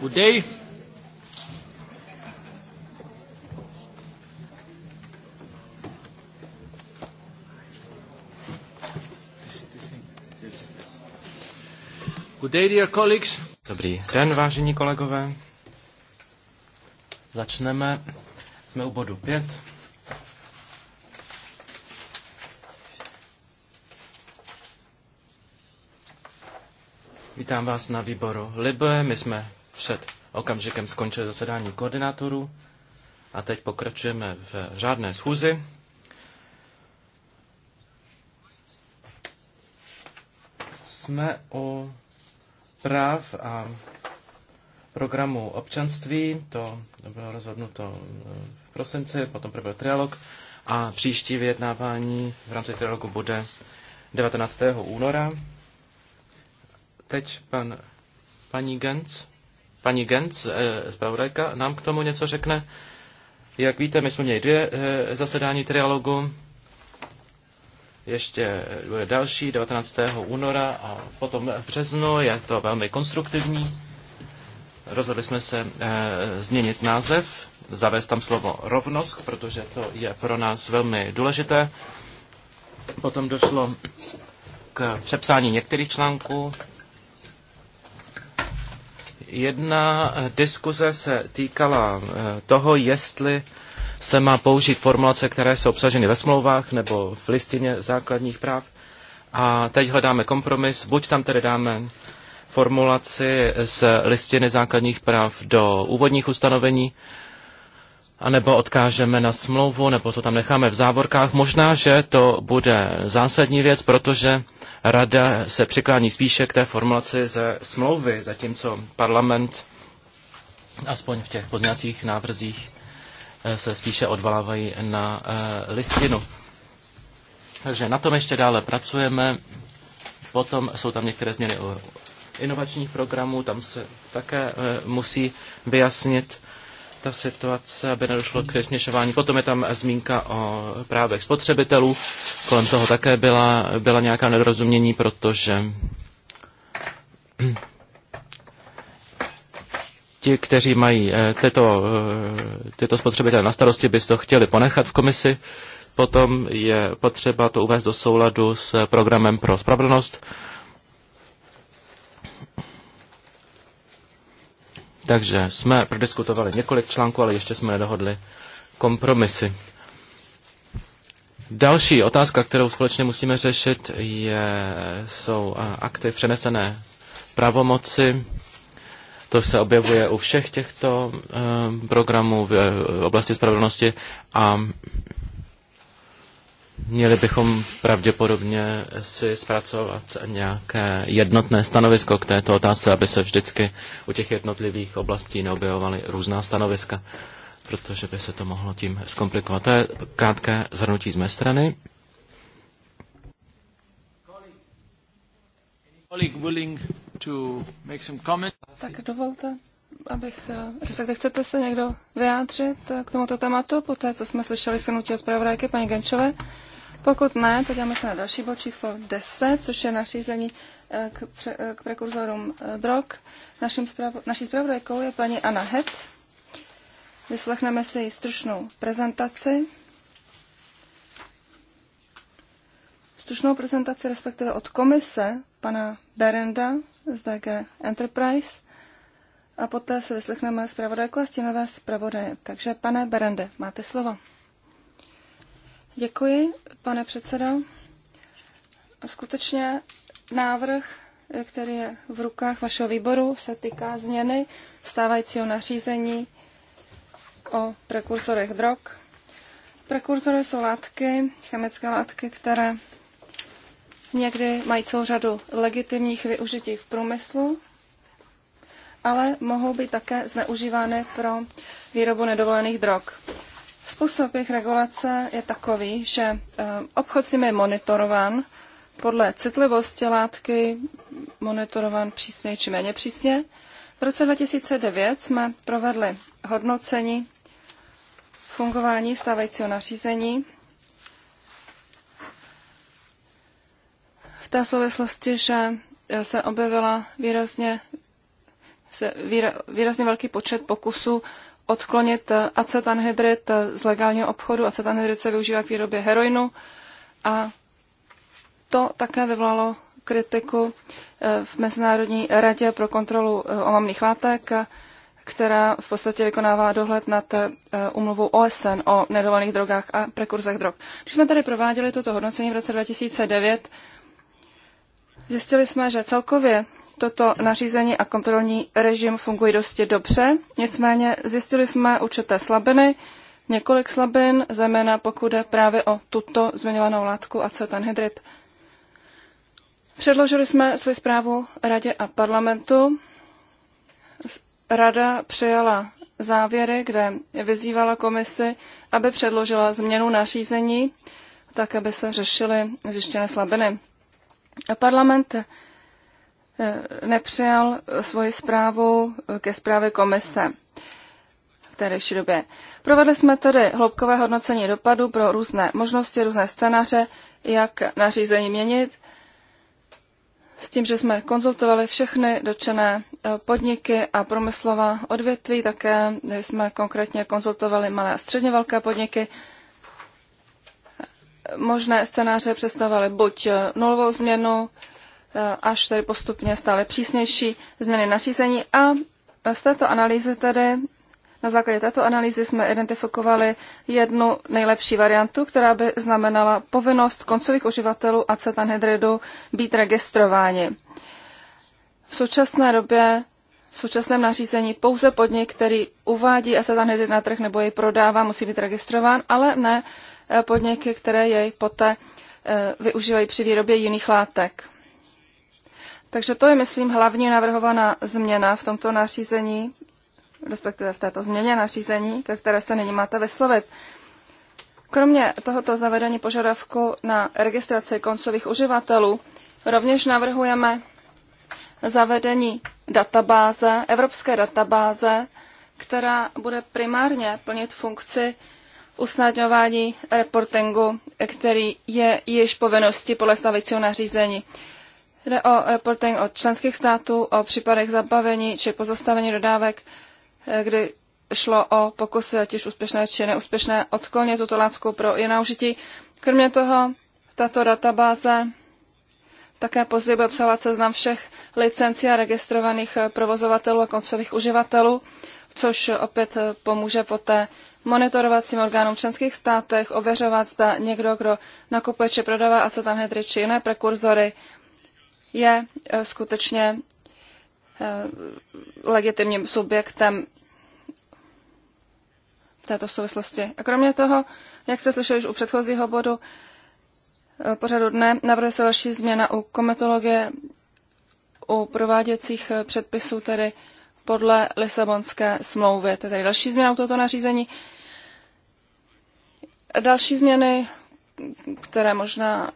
good day. Good day, dear colleagues. Dobrý den, vážení kolegové. Začneme. Jsme u bodu 5. Vítám vás na výboru Libe. My jsme před okamžikem skončili zasedání koordinátorů a teď pokračujeme v řádné schůzi. Jsme o práv a programu občanství, to bylo rozhodnuto v prosinci, potom proběhl trialog a příští vyjednávání v rámci trialogu bude 19. února. Teď pan, paní Gens Paní Genc, eh, zpravodajka, nám k tomu něco řekne. Jak víte, my jsme měli dvě eh, zasedání trialogu. Ještě eh, bude další, 19. února a potom v březnu. Je to velmi konstruktivní. Rozhodli jsme se e, změnit název, zavést tam slovo rovnost, protože to je pro nás velmi důležité. Potom došlo k přepsání některých článků Jedna eh, diskuze se týkala eh, toho, jestli se má použít formulace, které jsou obsaženy ve smlouvách nebo v listině základních práv. A teď hledáme kompromis, buď tam tedy dáme formulaci z listiny základních práv do úvodních ustanovení, anebo odkážeme na smlouvu, nebo to tam necháme v závorkách. Možná, že to bude zásadní věc, protože rada se přiklání spíše k té formulaci ze smlouvy, zatímco parlament, aspoň v těch pozměňacích návrzích, eh, se spíše odvalávají na eh, listinu. Takže na tom ještě dále pracujeme. Potom jsou tam některé změny u inovačních programů, tam se také eh, musí vyjasnit ta situace, aby nedošlo k směšování. Potom je tam zmínka o právech spotřebitelů. Kolem toho také byla, byla nějaká nedorozumění, protože ti, kteří mají eh, tyto, eh, tyto spotřebitelé na starosti, by to chtěli ponechat v komisi. Potom je potřeba to uvést do souladu s programem pro spravedlnost. Takže jsme prodiskutovali několik článků, ale ještě jsme nedohodli kompromisy. Další otázka, kterou společně musíme řešit, je, jsou akty přenesené pravomoci. To se objevuje u všech těchto eh, programů v eh, oblasti spravedlnosti a Měli bychom pravděpodobně si zpracovat nějaké jednotné stanovisko k této otázce, aby se vždycky u těch jednotlivých oblastí neobjevovaly různá stanoviska, protože by se to mohlo tím zkomplikovat. To je krátké zhrnutí z mé strany. Tak dovolte abych, respektive eh, chcete se někdo vyjádřit eh, k tomuto tématu, po té, co jsme slyšeli shrnutí od zpravodajky paní Genčové? Pokud ne, podíváme se na další bod číslo 10, což je nařízení eh, k, pře- k prekurzorům drog. Naším zpravo- naší zpravodajkou je paní Anna Het. Vyslechneme si její stručnou prezentaci. Stručnou prezentaci respektive od komise pana Berenda z DG Enterprise – a poté se vyslechneme zpravodajku a stěnové zpravodaje. Takže pane Berende, máte slovo. Děkuji, pane předsedo. Skutečně návrh, který je v rukách vašeho výboru, se týká změny stávajícího nařízení o prekurzorech drog. Prekurzory jsou látky, chemické látky, které někdy mají celou řadu legitimních využití v průmyslu, ale mohou být také zneužívány pro výrobu nedovolených drog. Způsob jejich regulace je takový, že eh, obchod s nimi je monitorován podle citlivosti látky, monitorován přísně či méně přísně. V roce 2009 jsme provedli hodnocení fungování stávajícího nařízení. V té souvislosti, že eh, se objevila výrazně se výrazně velký počet pokusů odklonit acetanhydrid z legálního obchodu. Acetanhydrid se využívá k výrobě heroinu a to také vyvolalo kritiku eh, v Mezinárodní radě pro kontrolu eh, omamných látek, která v podstatě vykonává dohled nad eh, umluvou OSN o nedovolených drogách a prekurzech drog. Když jsme tady prováděli toto hodnocení v roce 2009, zjistili jsme, že celkově Toto nařízení a kontrolní režim fungují dosti dobře, nicméně zjistili jsme určité slabiny, několik slabin, zejména pokud jde právě o tuto zmiňovanou látku acetanhydrid. Předložili jsme svoji zprávu Radě a parlamentu. Rada přijala závěry, kde vyzývala komisi, aby předložila změnu nařízení, tak aby se řešily zjištěné slabiny. Parlament Eh, nepřijal svoji zprávu eh, ke zprávě komise v té době. Provedli jsme tedy hloubkové hodnocení dopadu pro různé možnosti, různé scénáře, jak nařízení měnit, s tím, že jsme konzultovali všechny dočené eh, podniky a průmyslová odvětví, také jsme konkrétně konzultovali malé a středně velké podniky. Možné scénáře představovaly buď nulovou změnu, Eh, až tedy postupně stále přísnější změny nařízení a z této analýzy tedy na základě této analýzy jsme identifikovali jednu nejlepší variantu, která by znamenala povinnost koncových uživatelů acetanhydridu být registrováni. V současné době, v současném nařízení pouze podnik, který uvádí acetanhydrid na trh nebo jej prodává, musí být registrován, ale ne eh, podniky, které jej poté eh, využívají při výrobě jiných látek. Takže to je, myslím, hlavní navrhovaná změna v tomto nařízení, respektive v této změně nařízení, ke které se nyní máte vyslovit. Kromě tohoto zavedení požadavku na registraci koncových uživatelů, rovněž navrhujeme zavedení databáze, evropské databáze, která bude primárně plnit funkci usnadňování reportingu, který je již povinností podle stavicího nařízení. Jde o reporting od členských států, o případech zabavení či pozastavení dodávek, eh, kdy šlo o pokusy, ať už úspěšné či neúspěšné, odklonit tuto látku pro jiná užití. Kromě toho, tato databáze také později bude obsahovat seznam všech licencí a registrovaných eh, provozovatelů a koncových uživatelů, což opět eh, pomůže poté monitorovacím orgánům v členských státech ověřovat, zda někdo, kdo nakupuje či prodává acetanhydry či jiné prekurzory, je eh, skutečně eh, legitimním subjektem v této souvislosti. A kromě toho, jak jste slyšeli už u předchozího bodu eh, pořadu dne, navrhuje se další změna u kometologie, u prováděcích předpisů, tedy podle Lisabonské smlouvy. To je tedy další změna u tohoto nařízení. Další změny, které možná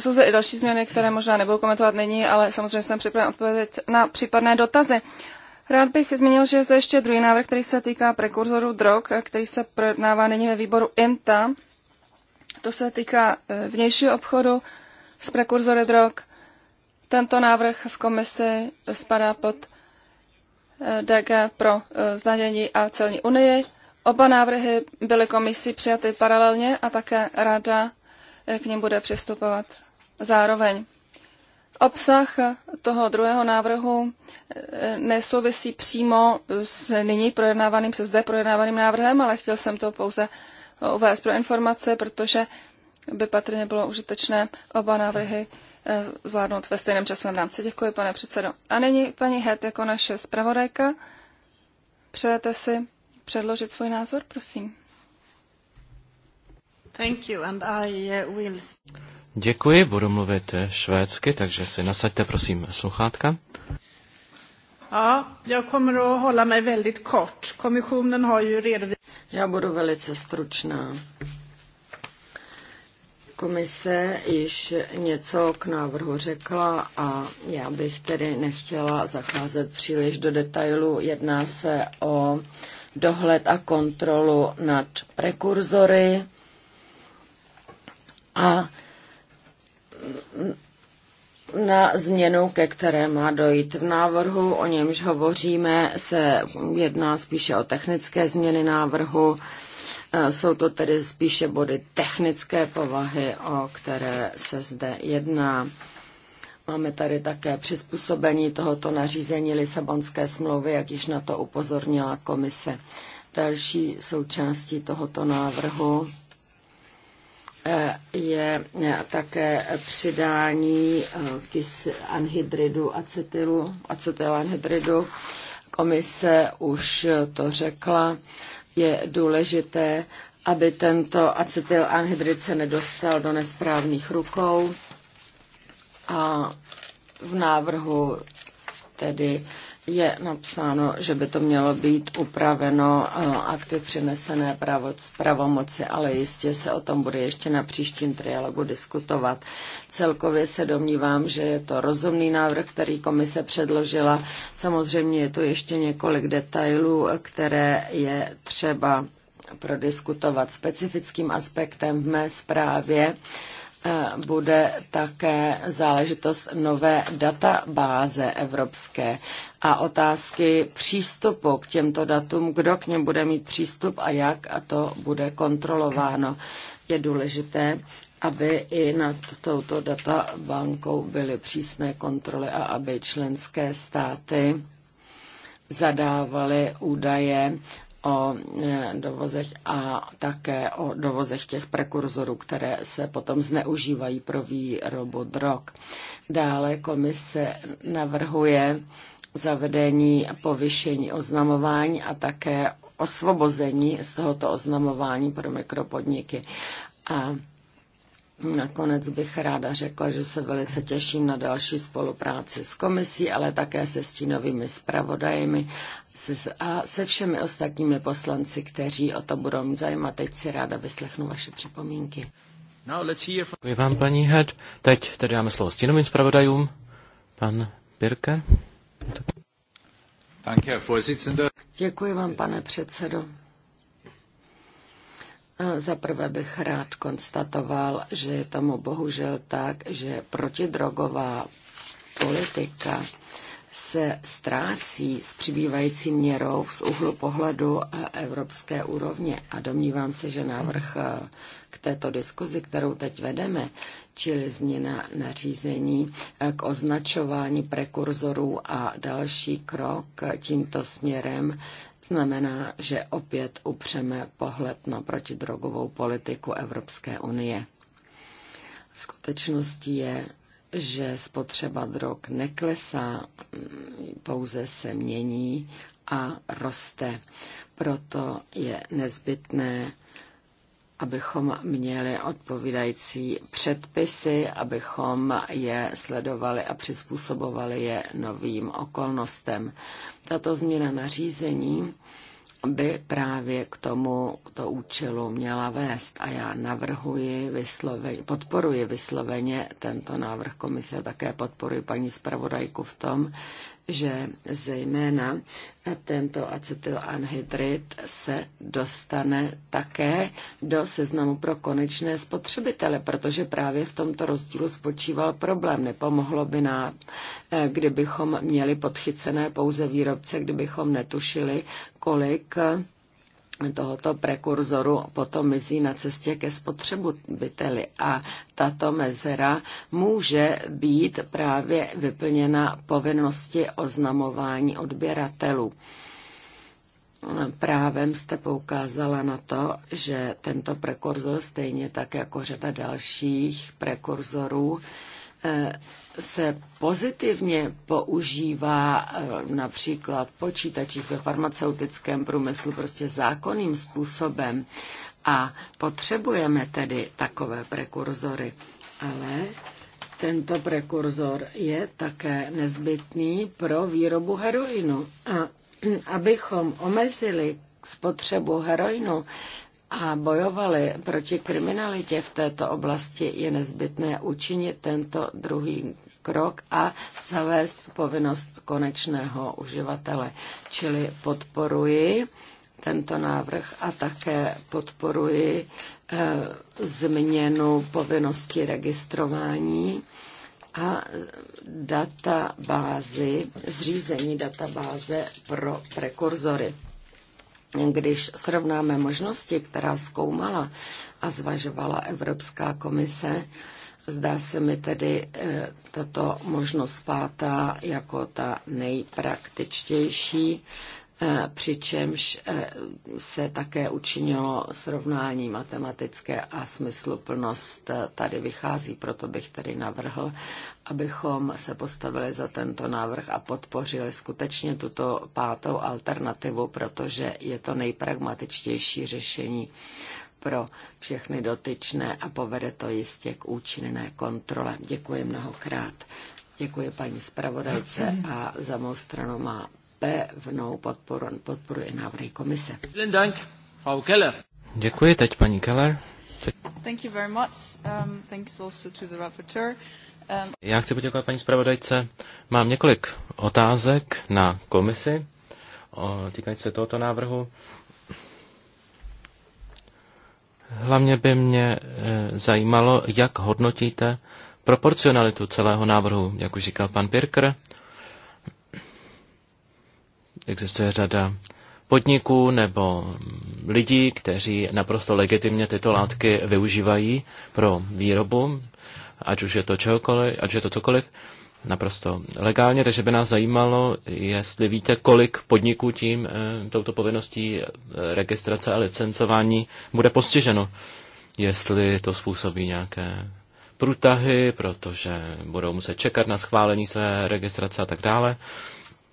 jsou zde i další změny, které možná nebudu komentovat nyní, ale samozřejmě jsem připraven odpovědět na případné dotazy. Rád bych zmínil, že je zde ještě druhý návrh, který se týká prekurzoru drog, který se projednává nyní ve výboru INTA. To se týká eh, vnějšího obchodu s prekurzory drog. Tento návrh v komisi spadá pod eh, DG pro eh, zdanění a celní unii. Oba návrhy byly komisí přijaty paralelně a také rada k ním bude přistupovat zároveň. Obsah toho druhého návrhu eh, nesouvisí přímo s nyní projednávaným, se zde projednávaným návrhem, ale chtěl jsem to pouze uvést pro informace, protože by patrně bylo užitečné oba návrhy eh, zvládnout ve stejném časovém rámci. Děkuji, pane předsedo. A nyní paní Het jako naše zpravodajka. Přejete si předložit svůj názor, prosím. Uh, Děkuji, budu mluvit eh, švédsky, takže si nasaďte prosím sluchátka. Ja, jag kommer att hålla mig väldigt kort. Kommissionen har ju redovisat... Jag budu velice stručná. Komise již něco k návrhu řekla a já bych tedy nechtěla zacházet příliš do detailu. Jedná se o dohled a kontrolu nad prekurzory a na změnu, ke které má dojít v návrhu, o němž hovoříme, se jedná spíše o technické změny návrhu. E, jsou to tedy spíše body technické povahy, o které se zde jedná. Máme tady také přizpůsobení tohoto nařízení Lisabonské smlouvy, jak již na to upozornila komise. Další součástí tohoto návrhu je také přidání eh, anhydridu acetylu, acetylanhydridu. Komise už to řekla. Je důležité, aby tento acetylanhydrid se nedostal do nesprávných rukou. A v návrhu tedy je napsáno, že by to mělo být upraveno eh, akty přenesené pravomoci, ale jistě se o tom bude ještě na příštím trialogu diskutovat. Celkově se domnívám, že je to rozumný návrh, který komise předložila. Samozřejmě je tu ještě několik detailů, které je třeba prodiskutovat specifickým aspektem v mé zprávě. E, bude také záležitost nové databáze evropské a otázky přístupu k těmto datům, kdo k něm bude mít přístup a jak a to bude kontrolováno. Je důležité, aby i nad touto databankou byly přísné kontroly a aby členské státy zadávaly údaje o e, dovozech a také o dovozech těch prekurzorů, které se potom zneužívají pro výrobu drog. Dále komise navrhuje zavedení povyšení oznamování a také osvobození z tohoto oznamování pro mikropodniky. A Nakonec bych ráda řekla, že se velice těším na další spolupráci s komisí, ale také se stínovými zpravodajemi a se všemi ostatními poslanci, kteří o to budou mít zájem. A teď si ráda vyslechnu vaše připomínky. Děkuji vám, paní Head. Teď tedy dáme slovo stínovým zpravodajům. Pan Birke. Děkuji vám, pane předsedo. Zaprvé bych rád konstatoval, že je tomu bohužel tak, že protidrogová politika se ztrácí s přibývající měrou z úhlu pohledu evropské úrovně. A domnívám se, že návrh eh, k této diskuzi, kterou teď vedeme, čili změna nařízení eh, k označování prekurzorů a další krok tímto směrem znamená, že opět upřeme pohled na protidrogovou politiku Evropské unie. Skutečností je, že spotřeba drog neklesá, pouze se mění a roste. Proto je nezbytné abychom měli odpovídající předpisy, abychom je sledovali a přizpůsobovali je novým okolnostem. Tato změna nařízení by právě k tomu to účelu měla vést. A já navrhuji, vysloveně, podporuji vysloveně tento návrh komise, také podporuji paní zpravodajku v tom, že zejména tento acetylanhydrid se dostane také do seznamu pro konečné spotřebitele, protože právě v tomto rozdílu spočíval problém. Nepomohlo by nám, kdybychom měli podchycené pouze výrobce, kdybychom netušili, kolik tohoto prekurzoru potom mizí na cestě ke spotřebiteli a tato mezera může být právě vyplněna povinnosti oznamování odběratelů. Právem jste poukázala na to, že tento prekurzor stejně tak jako řada dalších prekurzorů eh, se pozitivně používá eh, například v počítačích ve farmaceutickém průmyslu prostě zákonným způsobem a potřebujeme tedy takové prekurzory. Ale tento prekurzor je také nezbytný pro výrobu heroinu. A abychom omezili spotřebu heroinu, a bojovali proti kriminalitě v této oblasti, je nezbytné učinit tento druhý krok a zavést povinnost konečného uživatele. Čili podporuji tento návrh a také podporuji eh, změnu povinnosti registrování a databázy, zřízení databáze pro prekurzory. Když srovnáme možnosti, která zkoumala a zvažovala Evropská komise, Zdá se mi tedy eh, tato možnost pátá jako ta nejpraktičtější, eh, přičemž eh, se také učinilo srovnání matematické a smysluplnost tady vychází, proto bych tady navrhl, abychom se postavili za tento návrh a podpořili skutečně tuto pátou alternativu, protože je to nejpragmatičtější řešení pro všechny dotyčné a povede to jistě k účinné kontrole. Děkuji mnohokrát. Děkuji paní zpravodajce a za mou stranu má pevnou podporu, podporu i návrhy komise. Děkuji teď paní Keller. Thank you very much. Um, thanks also to the rapporteur. Um... Já chci poděkovat paní zpravodajce. Mám několik otázek na komisi týkající se tohoto návrhu. Hlavně by mě e, zajímalo, jak hodnotíte proporcionalitu celého návrhu, jak už říkal pan Pirker. Existuje řada podniků nebo lidí, kteří naprosto legitimně tyto látky využívají pro výrobu, ať už je to čehokoliv, ať už je to cokoliv naprosto legálně, takže by nás zajímalo, jestli víte, kolik podniků tím eh, touto povinností eh, registrace a licencování bude postiženo. Jestli to způsobí nějaké průtahy, protože budou muset čekat na schválení své registrace a tak dále.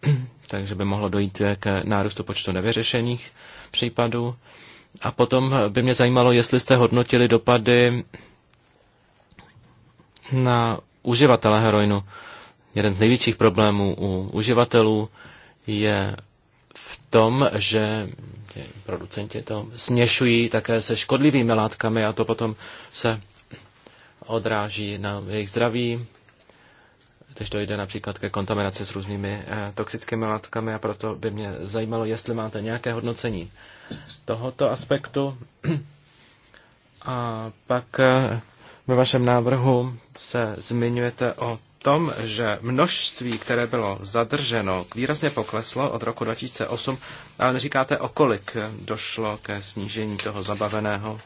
Takže by mohlo dojít k nárůstu počtu nevyřešených případů. A potom by mě zajímalo, jestli jste hodnotili dopady na uživatele heroinu jeden z největších problémů u uživatelů je v tom, že producenti to směšují také se škodlivými látkami a to potom se odráží na jejich zdraví, když dojde například ke kontaminaci s různými eh, toxickými látkami a proto by mě zajímalo, jestli máte nějaké hodnocení tohoto aspektu. A pak eh, ve vašem návrhu se zmiňujete o tom, že množství, které bylo zadrženo, výrazně pokleslo od roku 2008, ale neříkáte, o kolik došlo ke snížení toho zabaveného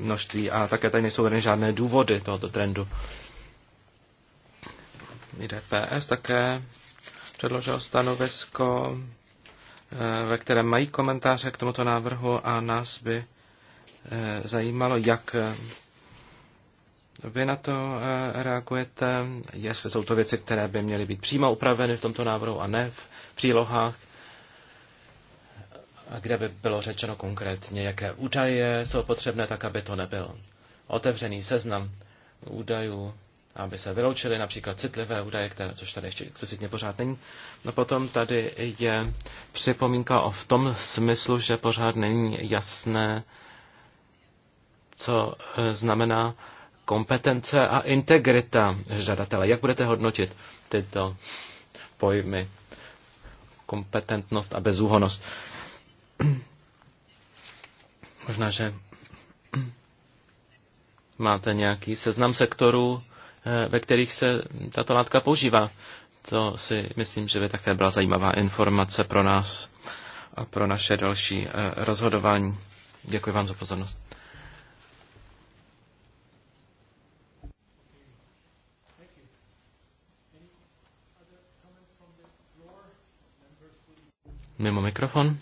množství a také tady nejsou tady žádné důvody tohoto trendu. IDPS také předložil stanovisko, eh, ve kterém mají komentáře k tomuto návrhu a nás by eh, zajímalo, jak vy na to eh, reagujete? Jestli jsou to věci, které by měly být přímo upraveny v tomto návrhu a ne v přílohách? kde by bylo řečeno konkrétně, jaké údaje jsou potřebné, tak aby to nebyl otevřený seznam údajů, aby se vyloučily například citlivé údaje, které, což tady ještě explicitně pořád není. No potom tady je připomínka o v tom smyslu, že pořád není jasné, co eh, znamená kompetence a integrita žadatele. Jak budete hodnotit tyto pojmy? Kompetentnost a bezúhonost. Možná, že máte nějaký seznam sektorů, eh, ve kterých se tato látka používá. To si myslím, že by také byla zajímavá informace pro nás a pro naše další eh, rozhodování. Děkuji vám za pozornost. mimo mikrofon.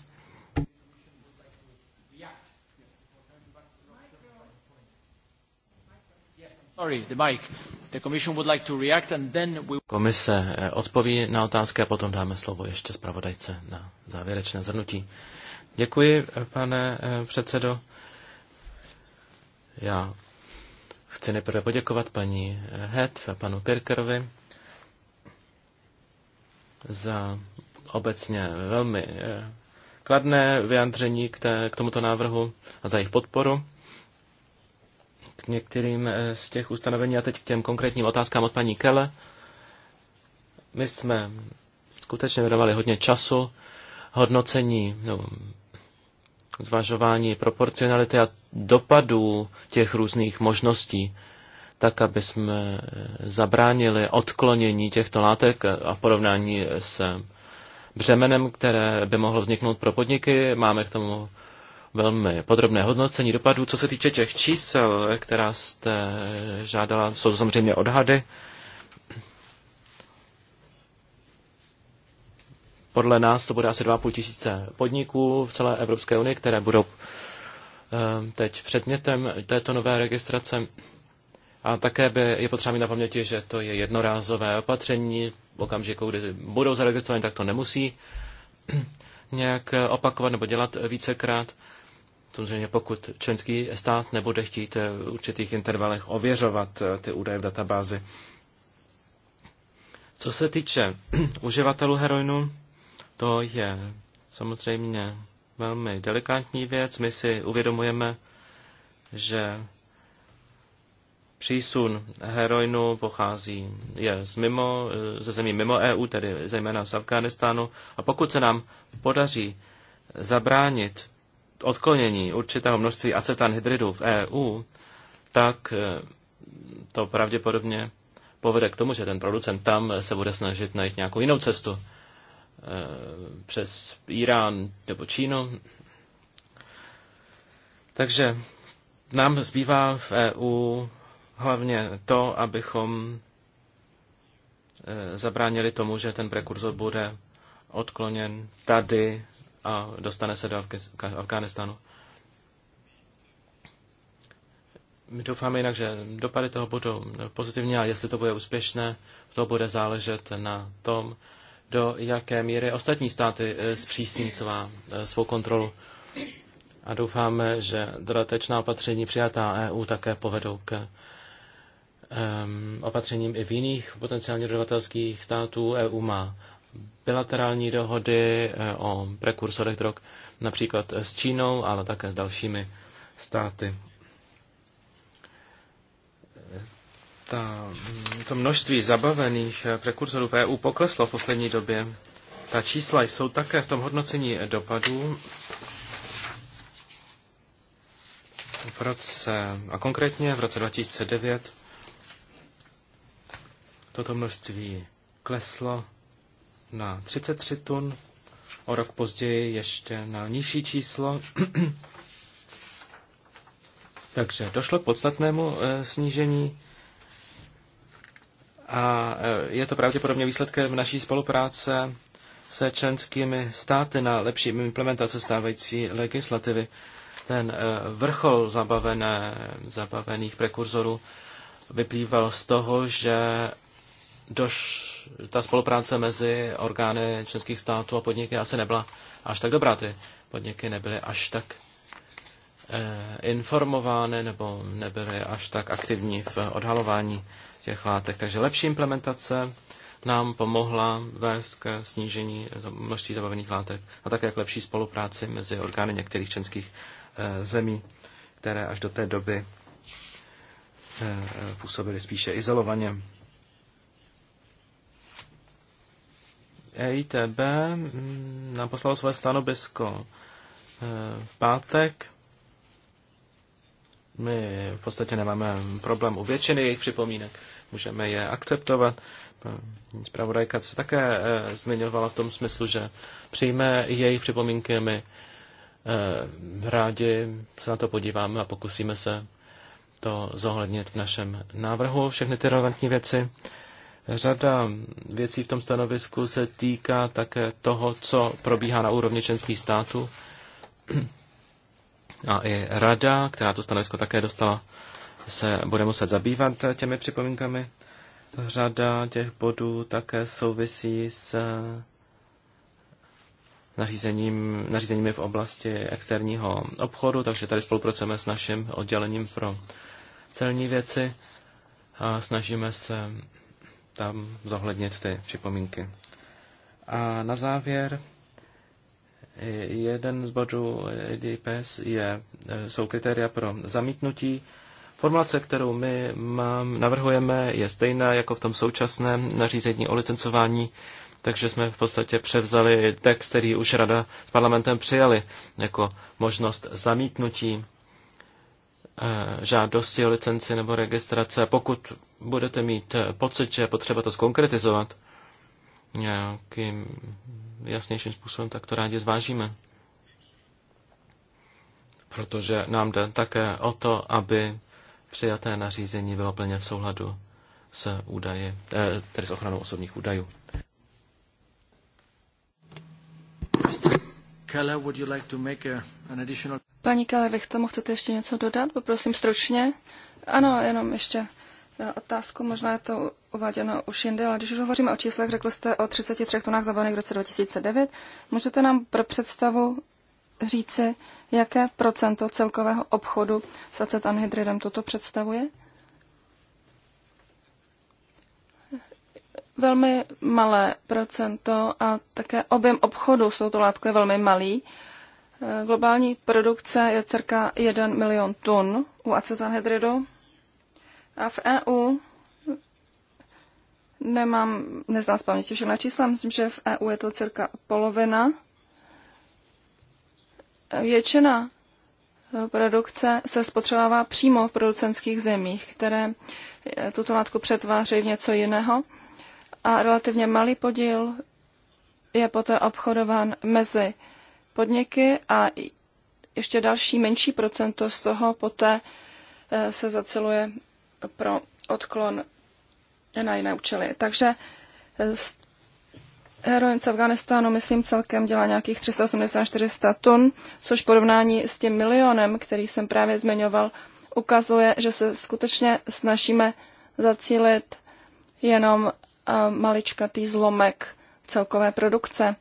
Komise eh, odpoví na otázky a potom dáme slovo ještě zpravodajce na závěrečné zhrnutí. Děkuji, eh, pane eh, předsedo. Já chci nejprve poděkovat paní Het a panu Pirkerovi za obecně velmi eh, kladné vyjádření k, té, k tomuto návrhu a za jejich podporu k některým eh, z těch ustanovení a teď k těm konkrétním otázkám od paní Kele. My jsme skutečně věnovali hodně času hodnocení, no, zvažování proporcionality a dopadů těch různých možností, tak, aby jsme eh, zabránili odklonění těchto látek a porovnání se břemenem, které by mohlo vzniknout pro podniky. Máme k tomu velmi podrobné hodnocení dopadů. Co se týče těch čísel, která jste žádala, jsou to samozřejmě odhady. Podle nás to bude asi 2,5 tisíce podniků v celé Evropské unii, které budou eh, teď předmětem této nové registrace. A také by je potřeba mít na paměti, že to je jednorázové opatření. V okamžiku, kdy budou zaregistrovány, tak to nemusí nějak opakovat nebo dělat vícekrát. Samozřejmě pokud členský stát nebude chtít v určitých intervalech ověřovat eh, ty údaje v databázi. Co se týče uživatelů heroinu, to je samozřejmě velmi delikátní věc. My si uvědomujeme, že Přísun heroinu pochází je z mimo, eh, ze zemí mimo EU, tedy zejména z Afganistánu. A pokud se nám podaří zabránit odklonění určitého množství acetanhydridu v EU, tak eh, to pravděpodobně povede k tomu, že ten producent tam se bude snažit najít nějakou jinou cestu eh, přes Irán nebo Čínu. Takže nám zbývá v EU hlavně to, abychom eh, zabránili tomu, že ten prekurzor bude odkloněn tady a dostane se do Afganistánu. My doufáme jinak, že dopady toho budou pozitivní a jestli to bude úspěšné, to bude záležet na tom, do jaké míry ostatní státy eh, zpřísní svá, eh, svou kontrolu. A doufáme, že dodatečná opatření přijatá EU také povedou k Ehm, opatřením i v jiných potenciálně dodavatelských států. EU má bilaterální dohody eh, o prekursorech drog, například s Čínou, ale také s dalšími státy. Ta, to množství zabavených eh, prekursorů v EU pokleslo v poslední době. Ta čísla jsou také v tom hodnocení dopadů. V roce, a konkrétně v roce 2009 Toto množství kleslo na 33 tun, o rok později ještě na nižší číslo. Takže došlo k podstatnému eh, snížení a eh, je to pravděpodobně výsledkem naší spolupráce se členskými státy na lepší implementace stávající legislativy. Ten eh, vrchol zabavené, zabavených prekurzorů vyplýval z toho, že doš, ta spolupráce mezi orgány členských států a podniky asi nebyla až tak dobrá. Ty podniky nebyly až tak eh, informovány nebo nebyly až tak aktivní v odhalování těch látek. Takže lepší implementace nám pomohla vést k snížení množství zabavených látek a také k lepší spolupráci mezi orgány některých členských eh, zemí, které až do té doby eh, působily spíše izolovaně. EITB mm, nám poslalo své stanovisko e, v pátek. My v podstatě nemáme problém u většiny jejich připomínek. Můžeme je akceptovat. Zpravodajka se také e, zmiňovala v tom smyslu, že přijme jejich připomínky. My e, rádi se na to podíváme a pokusíme se to zohlednit v našem návrhu, všechny ty relevantní věci. Řada věcí v tom stanovisku se týká také toho, co probíhá na úrovni členských států. A i rada, která to stanovisko také dostala, se bude muset zabývat těmi připomínkami. Řada těch bodů také souvisí s nařízením, nařízeními v oblasti externího obchodu, takže tady spolupracujeme s naším oddělením pro celní věci a snažíme se tam zohlednit ty připomínky. A na závěr eh, jeden z bodů e DPS je, eh, jsou kritéria pro zamítnutí. Formulace, kterou my mám, navrhujeme, je stejná jako v tom současném nařízení o licencování, takže jsme v podstatě převzali text, který už Rada s parlamentem přijali jako možnost zamítnutí Eh, žádosti o licenci nebo registrace. Pokud budete mít eh, pocit, že je potřeba to zkonkretizovat nějakým jasnějším způsobem, tak to rádi zvážíme. Protože nám jde také o to, aby přijaté nařízení bylo plně v souladu s údaji, eh, tedy s ochranou osobních údajů. Keller, would you like to make a, an additional... Paní Keller, vy k tomu chcete ještě něco dodat? Poprosím stručně. Ano, jenom ještě e, otázku, možná je to uváděno už jinde, ale když už hovoříme o číslech, řekl jste o 33 tunách zabavených v roce 2009. Můžete nám pro představu říci, jaké procento celkového obchodu s acetanhydridem toto představuje? velmi malé procento a také objem obchodu s touto látkou je velmi malý. Eh, globální produkce je cirka 1 milion tun u acetanhydridu a v EU nemám, neznám z paměti všechna čísla, myslím, že v EU je to cirka polovina. Eh, většina eh, produkce se spotřebovává přímo v producenských zemích, které tuto látku přetvářejí v něco jiného a relativně malý podíl je poté obchodován mezi podniky a ještě další menší procento z toho poté eh, se zaceluje pro odklon na jiné účely. Takže eh, heroin z Afganistánu, myslím, celkem dělá nějakých 380-400 tun, což v porovnání s tím milionem, který jsem právě zmiňoval, ukazuje, že se skutečně snažíme zacílit jenom maličkatý zlomek celkové produkce.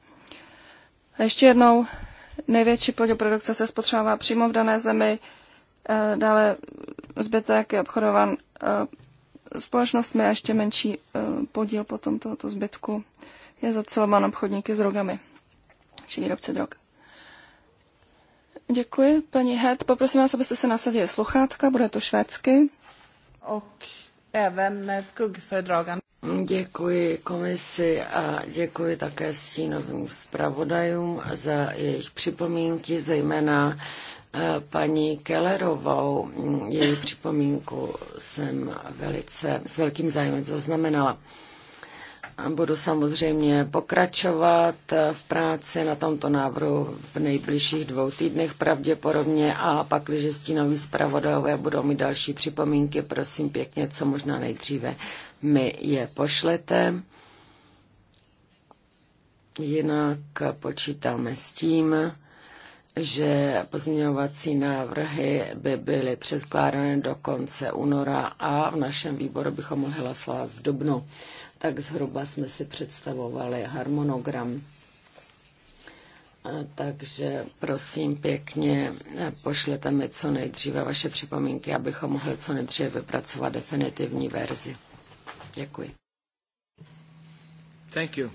A ještě jednou, největší podíl produkce se spotřebává přímo v dané zemi, e, dále zbytek je obchodovan e, společnostmi a ještě menší e, podíl potom tohoto zbytku je zacelován obchodníky s drogami, či výrobce drog. Děkuji, paní Het. Poprosím vás, abyste se nasadili sluchátka, bude to švédsky. Okay. även skuggföredragande. Děkuji komisi a děkuji také stínovým zpravodajům za jejich připomínky, zejména eh, paní Kellerovou. Její připomínku jsem velice s velkým zájmem zaznamenala budu samozřejmě pokračovat v práci na tomto návrhu v nejbližších dvou týdnech pravděpodobně a pak, když stínoví zpravodajové budou mít další připomínky, prosím pěkně, co možná nejdříve mi je pošlete. Jinak počítáme s tím, že pozměňovací návrhy by byly předkládány do konce února a v našem výboru bychom mohli hlasovat v dubnu tak zhruba jsme si představovali harmonogram. Takže prosím pěkně, pošlete mi co nejdříve vaše připomínky, abychom mohli co nejdříve vypracovat definitivní verzi. Děkuji. Thank you.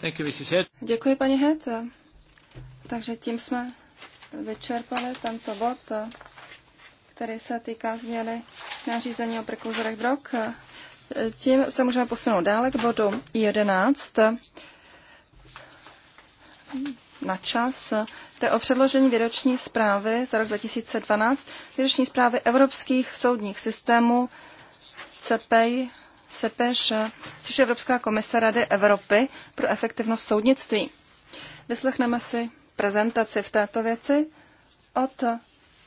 Thank you, Mrs. Head. Děkuji, paní Hed. Takže tím jsme vyčerpali tento bod, který se týká změny nařízení o prekluzorech drog. Tím se můžeme posunout dále k bodu 11 na čas. Jde o předložení výroční zprávy za rok 2012, výroční zprávy evropských soudních systémů CEPEJ, CPŠ, což je Evropská komise Rady Evropy pro efektivnost soudnictví. Vyslechneme si prezentaci v této věci od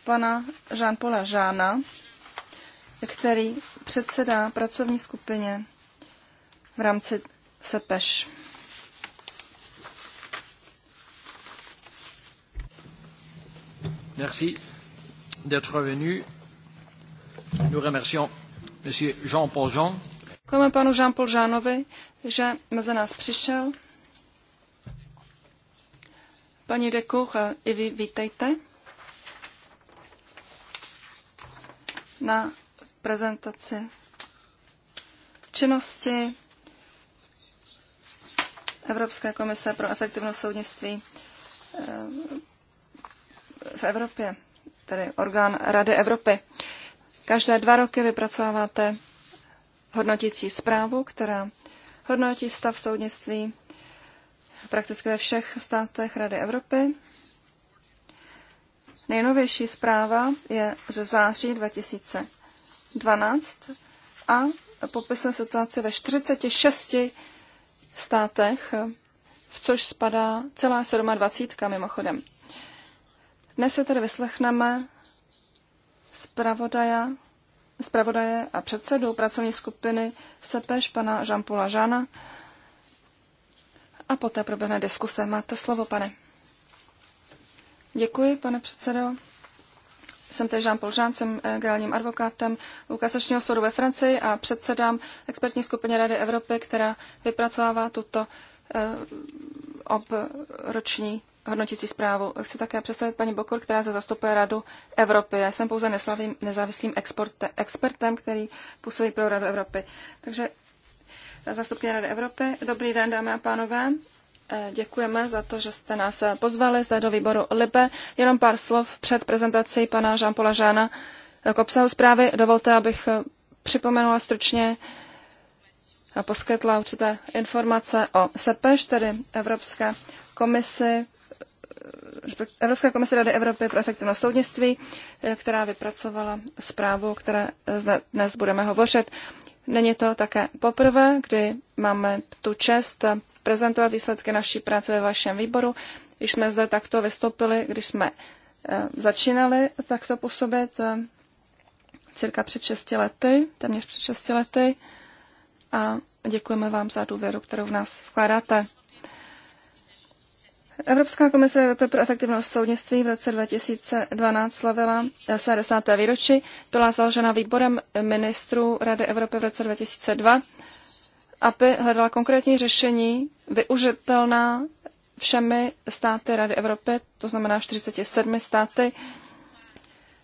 pana Jean-Paula Žána, který předsedá pracovní skupině v rámci SEPEŠ. Merci d'être venu. Nous remercions monsieur Jean-Paul Jean. Děkujeme panu Jean-Paul Jeanovi, že mezi nás přišel. Paní Dekuch, eh, i vy vítejte na prezentaci činnosti Evropské komise pro efektivnost soudnictví eh, v Evropě, tedy orgán Rady Evropy. Každé dva roky vypracováváte hodnotící zprávu, která hodnotí stav soudnictví prakticky ve všech státech Rady Evropy. Nejnovější zpráva je ze září 2000. 12 a popisuje situaci ve 46 státech, v což spadá celá 27 mimochodem. Dnes se tedy vyslechneme zpravodaje, zpravodaje a předsedu pracovní skupiny SEPEŠ, pana Žampula Žana. A poté proběhne diskuse. Máte slovo, pane. Děkuji, pane předsedo. Jsem tedy Jean-Paul Jean, jsem eh, generálním advokátem u kasačního soudu ve Francii a předsedám expertní skupině Rady Evropy, která vypracovává tuto eh, obroční hodnotící zprávu. Chci také představit paní Bokor, která se zastupuje Radu Evropy. Já jsem pouze neslavým, nezávislým exporte, expertem, který působí pro Radu Evropy. Takže eh, zastupně Rady Evropy. Dobrý den, dámy a pánové. Eh, děkujeme za to, že jste nás eh, pozvali zde do výboru LIPE. Jenom pár slov před prezentací pana Jean-Paula Žána eh, k obsahu zprávy. Dovolte, abych připomenula stručně a poskytla určité informace o SEPEŠ, tedy Evropské komisi, Evropské komise Rady Evropy pro efektivnost soudnictví, která vypracovala zprávu, které dnes budeme hovořit. Není to také poprvé, kdy máme tu čest prezentovat výsledky naší práce ve vašem výboru. Když jsme zde takto vystoupili, když jsme eh, začínali takto působit eh, cirka před 6 lety, téměř před 6 lety a děkujeme vám za důvěru, kterou v nás vkládáte. Evropská komise pro efektivnost soudnictví v roce 2012 slavila své desáté výročí. Byla založena výborem ministrů Rady Evropy v roce 2002 aby hledala konkrétní řešení využitelná všemi státy Rady Evropy, to znamená 47 státy,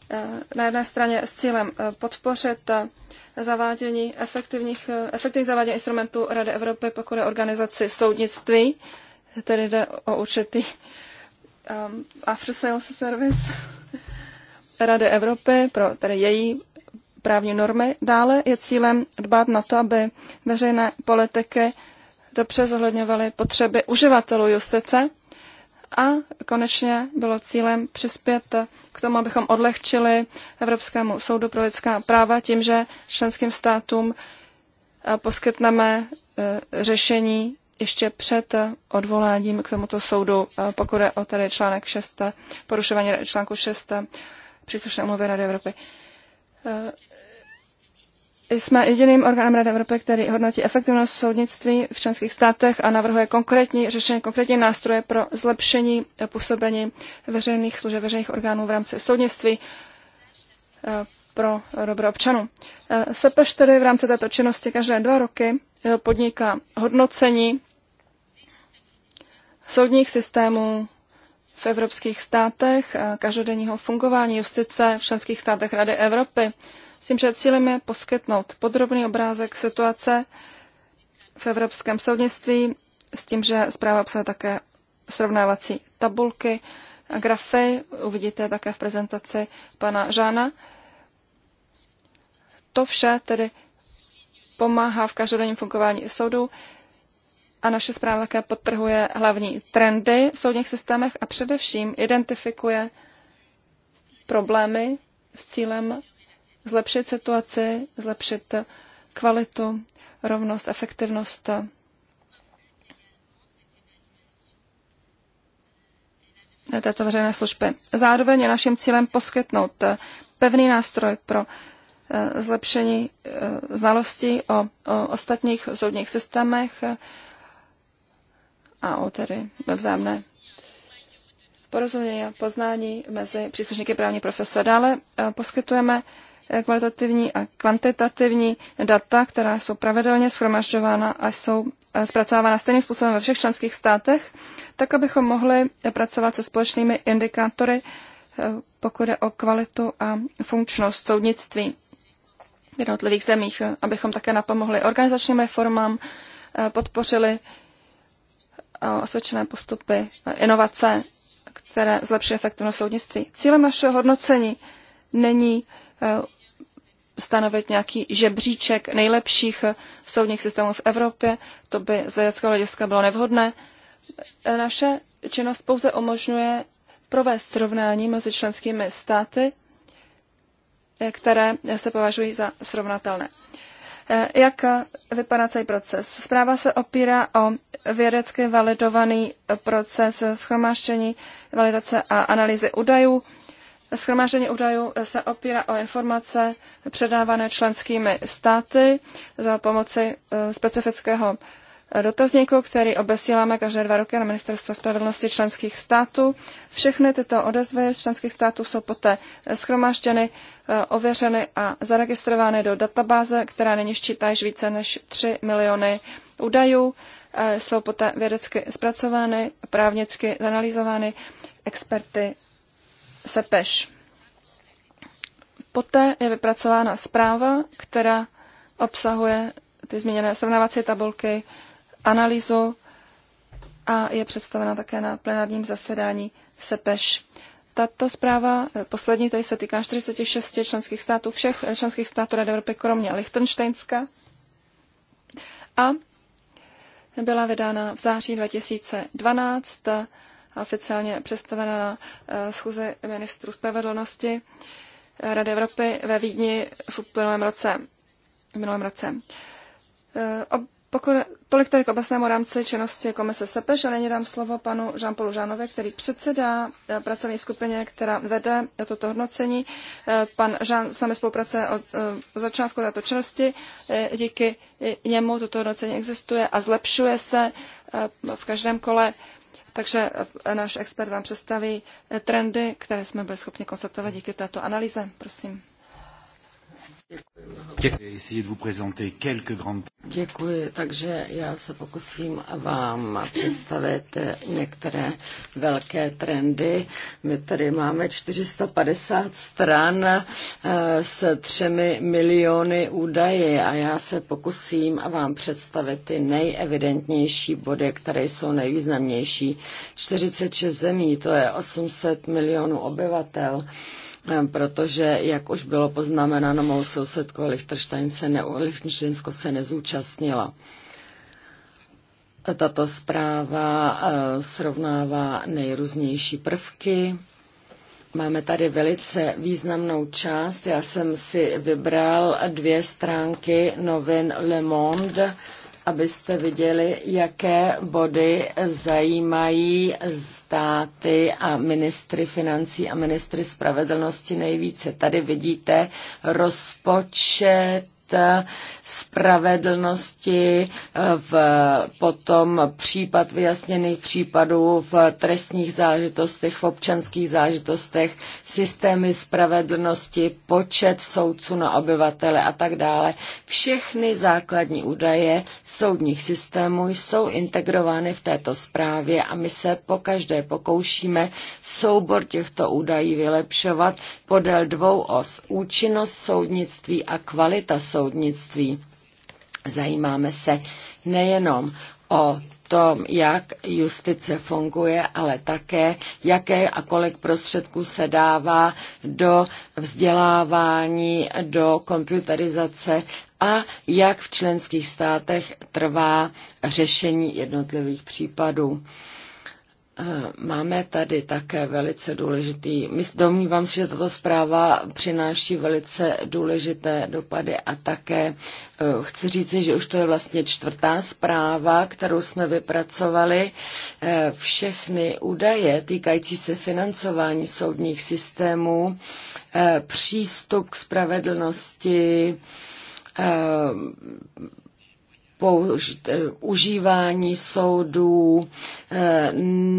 eh, na jedné straně s cílem eh, podpořit eh, zavádění efektivních, efektivních zavádění instrumentů Rady Evropy, pokud je organizaci soudnictví, tedy jde o určitý um, after sales service Rady Evropy pro tedy její právní normy. Dále je cílem dbát na to, aby veřejné politiky dobře zohledňovaly potřeby uživatelů justice. A konečně bylo cílem přispět k tomu, abychom odlehčili Evropskému soudu pro lidská práva tím, že členským státům eh, poskytneme eh, řešení ještě před eh, odvoláním k tomuto soudu, pokud je o tady článek 6, porušování článku 6 příslušné umluvy Rady Evropy. Eh, jsme jediným orgánem Rady Evropy, který hodnotí efektivnost soudnictví v členských státech a navrhuje konkrétní řešení, konkrétní nástroje pro zlepšení eh, působení veřejných služeb, veřejných orgánů v rámci soudnictví eh, pro dobro občanů. SEPEŠ tedy v rámci této činnosti každé dva roky podniká hodnocení soudních systémů v evropských státech a každodenního fungování justice v členských státech Rady Evropy. S tím, že cílem je poskytnout podrobný obrázek situace v evropském soudnictví, s tím, že zpráva obsahuje také srovnávací tabulky a grafy, uvidíte také v prezentaci pana Žána. To vše tedy pomáhá v každodenním fungování soudu, a naše zpráva také podtrhuje hlavní trendy v soudních systémech a především identifikuje problémy s cílem zlepšit situaci, zlepšit kvalitu, rovnost, efektivnost. této veřejné služby. Zároveň je naším cílem poskytnout pevný nástroj pro eh, zlepšení eh, znalostí o, o ostatních soudních systémech, a o tedy vzájemné porozumění a poznání mezi příslušníky právní profese. Dále eh, poskytujeme eh, kvalitativní a kvantitativní data, která jsou pravidelně schromažďována a jsou eh, zpracována stejným způsobem ve všech členských státech, tak abychom mohli pracovat se společnými indikátory, pokud je o kvalitu a funkčnost soudnictví v jednotlivých zemích, abychom také napomohli organizačním reformám, podpořili Eh, osvědčené postupy, eh, inovace, které zlepší efektivnost soudnictví. Cílem našeho hodnocení není eh, stanovit nějaký žebříček nejlepších soudních systémů v Evropě. To by z vědeckého hlediska bylo nevhodné. Naše činnost pouze umožňuje provést srovnání mezi členskými státy, které se považují za srovnatelné. Eh, jak vypadá celý proces? Zpráva se opírá o vědecky validovaný proces schromáštění, validace a analýzy údajů. Schromáždění údajů se opírá o informace předávané členskými státy za pomoci eh, specifického dotazníku, který obesíláme každé dva roky na Ministerstva spravedlnosti členských států. Všechny tyto odezvy z členských států jsou poté schromáštěny, eh, ověřeny a zaregistrovány do databáze, která nyní ščítá již více než 3 miliony údajů. Eh, jsou poté vědecky zpracovány, právnicky zanalýzovány experty SEPEŠ. Poté je vypracována zpráva, která obsahuje ty zmíněné srovnávací tabulky, analýzu a je představena také na plenárním zasedání SEPEŠ. Tato zpráva, eh, poslední tady se týká 46 členských států, všech eh, členských států Rady Evropy, kromě Lichtensteinska. A byla vydána v září 2012 a oficiálně představena na eh, schůze ministrů spravedlnosti Rady Evropy ve Vídni v minulém roce. V minulém roce. Pokud tolik tedy k obecnému rámci činnosti komise SEPEŠ a nyní dám slovo panu Jean-Paulu Žánově, který předsedá eh, pracovní skupině, která vede toto hodnocení. Eh, pan Žán s námi spolupracuje od eh, začátku této činnosti. Díky němu toto hodnocení existuje a zlepšuje se v každém kole. Takže náš expert vám představí trendy, které jsme byli schopni konstatovat díky této analýze. Prosím. Děkuji. takže já se pokusím vám představit některé velké trendy. My tady máme 450 stran eh, s třemi miliony údaje a já se pokusím vám představit ty nejevidentnější body, které jsou nejvýznamnější. 46 zemí, to je 800 milionů obyvatel. Ehm, protože, jak už bylo poznamenáno, mou sousedku Lichtenstein se ne, se nezúčastnila. Tato zpráva eh, srovnává nejrůznější prvky. Máme tady velice významnou část. Já jsem si vybral dvě stránky novin Le Monde, abyste viděli, jaké body zajímají státy a ministry financí a ministry spravedlnosti nejvíce. Tady vidíte rozpočet Eh, spravedlnosti eh, v potom případ vyjasněných případů v trestních zážitostech, v občanských zážitostech, systémy spravedlnosti, počet soudců na obyvatele a tak dále. Všechny základní údaje soudních systémů jsou integrovány v této zprávě a my se po každé pokoušíme soubor těchto údajů vylepšovat podél dvou os. Účinnost soudnictví a kvalita soudnictví soudnictví. Zajímáme se nejenom o tom, jak justice funguje, ale také, jaké a kolik prostředků se dává do vzdělávání, do komputerizace a jak v členských státech trvá řešení jednotlivých případů. Eh, máme tady také velice důležitý, domnívám se, že tato zpráva přináší velice důležité dopady a také eh, chci říct, že už to je vlastně čtvrtá zpráva, kterou jsme vypracovali. Eh, všechny údaje týkající se financování soudních systémů, přístup k spravedlnosti, Eh, užívání soudů, eh,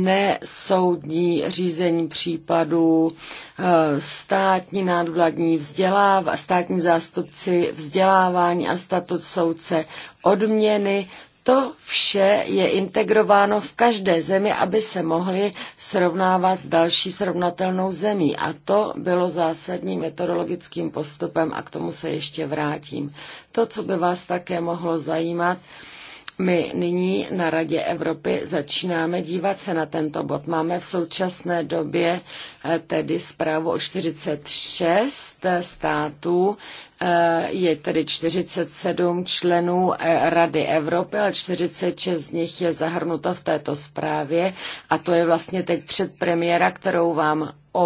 nesoudní řízení případů, eh, státní nadvladní vzdělávání, státní zástupci vzdělávání a statut soudce, odměny, to vše je integrováno v každé zemi, aby se mohli srovnávat s další srovnatelnou zemí. A to bylo zásadním metodologickým postupem a k tomu se ještě vrátím. To, co by vás také mohlo zajímat, my nyní na Radě Evropy začínáme dívat se na tento bod. Máme v současné době eh, tedy zprávu o 46 států, eh, je tedy 47 členů eh, Rady Evropy, ale 46 z nich je zahrnuto v této zprávě a to je vlastně teď předpremiéra, kterou vám E,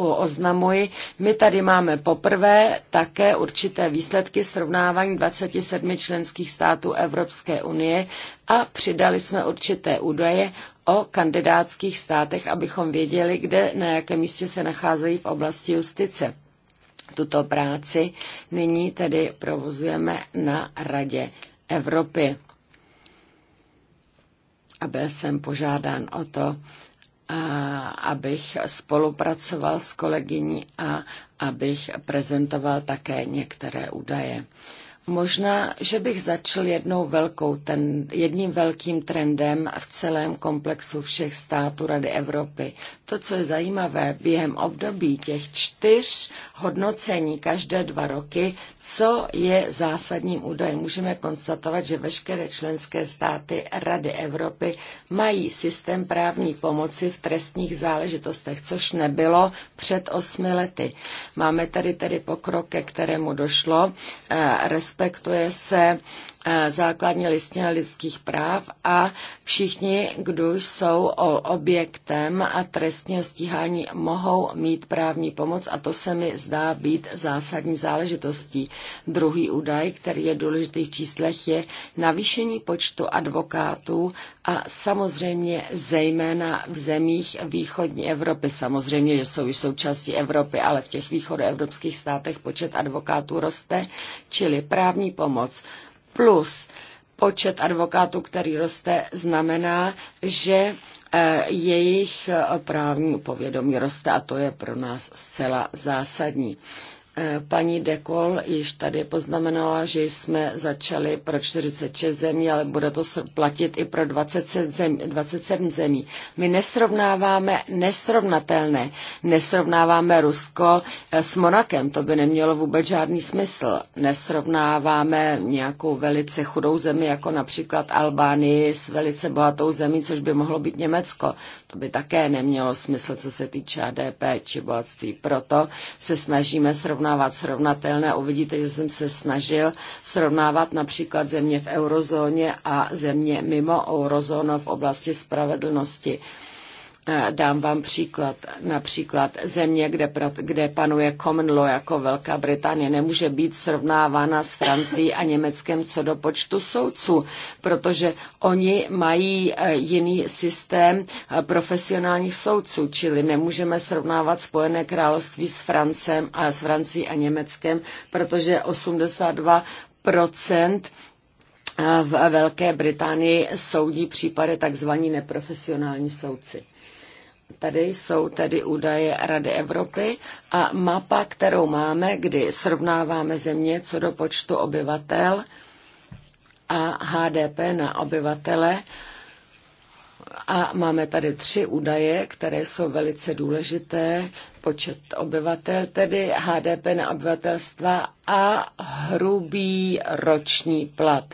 oznamuji. My tady máme poprvé také určité výsledky srovnávání 27 členských států Evropské unie a přidali jsme určité údaje o kandidátských státech, abychom věděli, kde, na jakém místě se nacházejí v oblasti justice. Tuto práci nyní tedy provozujeme na Radě Evropy a byl jsem požádán o to, abych spolupracoval s kolegyní a abych prezentoval také některé údaje. Možná, že bych začal jednou velkou, ten, jedním velkým trendem v celém komplexu všech států Rady Evropy. To, co je zajímavé, během období těch čtyř hodnocení každé dva roky, co je zásadním údajem, můžeme konstatovat, že veškeré členské státy Rady Evropy mají systém právní pomoci v trestních záležitostech, což nebylo před osmi lety. Máme tady tedy pokrok, ke kterému došlo, Eh, respektuje se Eh, základní listiny lidských práv a všichni, kdo jsou objektem a trestního stíhání, mohou mít právní pomoc a to se mi zdá být zásadní záležitostí. Druhý údaj, který je důležitý v číslech, je navýšení počtu advokátů a samozřejmě zejména v zemích východní Evropy. Samozřejmě, že jsou i součástí Evropy, ale v těch východoevropských státech počet advokátů roste, čili právní pomoc plus počet advokátů, který roste, znamená, že eh, jejich eh, právní povědomí roste a to je pro nás zcela zásadní. Eh, paní Dekol již tady poznamenala, že jsme začali pro 46 zemí, ale bude to platit i pro 27 zemí. zemí. My nesrovnáváme nesrovnatelné. Nesrovnáváme Rusko eh, s Monakem, to by nemělo vůbec žádný smysl. Nesrovnáváme nějakou velice chudou zemi, jako například Albánii, s velice bohatou zemí, což by mohlo být Německo. To by také nemělo smysl, co se týče ADP či bohatství. Proto se snažíme srovnávat srovnávat srovnatelné. Uvidíte, že jsem se snažil srovnávat například země v eurozóně a země mimo eurozónu v oblasti spravedlnosti. Dám vám příklad, například země, kde, kde panuje common law jako Velká Británie, nemůže být srovnávána s Francií a Německem co do počtu soudců, protože oni mají e, jiný systém e, profesionálních soudců, čili nemůžeme srovnávat Spojené království s, Francem, a s Francií a Německem, protože 82 e, v Velké Británii soudí případy takzvaní neprofesionální soudci. Tady jsou tedy údaje Rady Evropy a mapa, kterou máme, kdy srovnáváme země co do počtu obyvatel a HDP na obyvatele. A máme tady tři údaje, které jsou velice důležité. Počet obyvatel, tedy HDP na obyvatelstva a hrubý roční plat.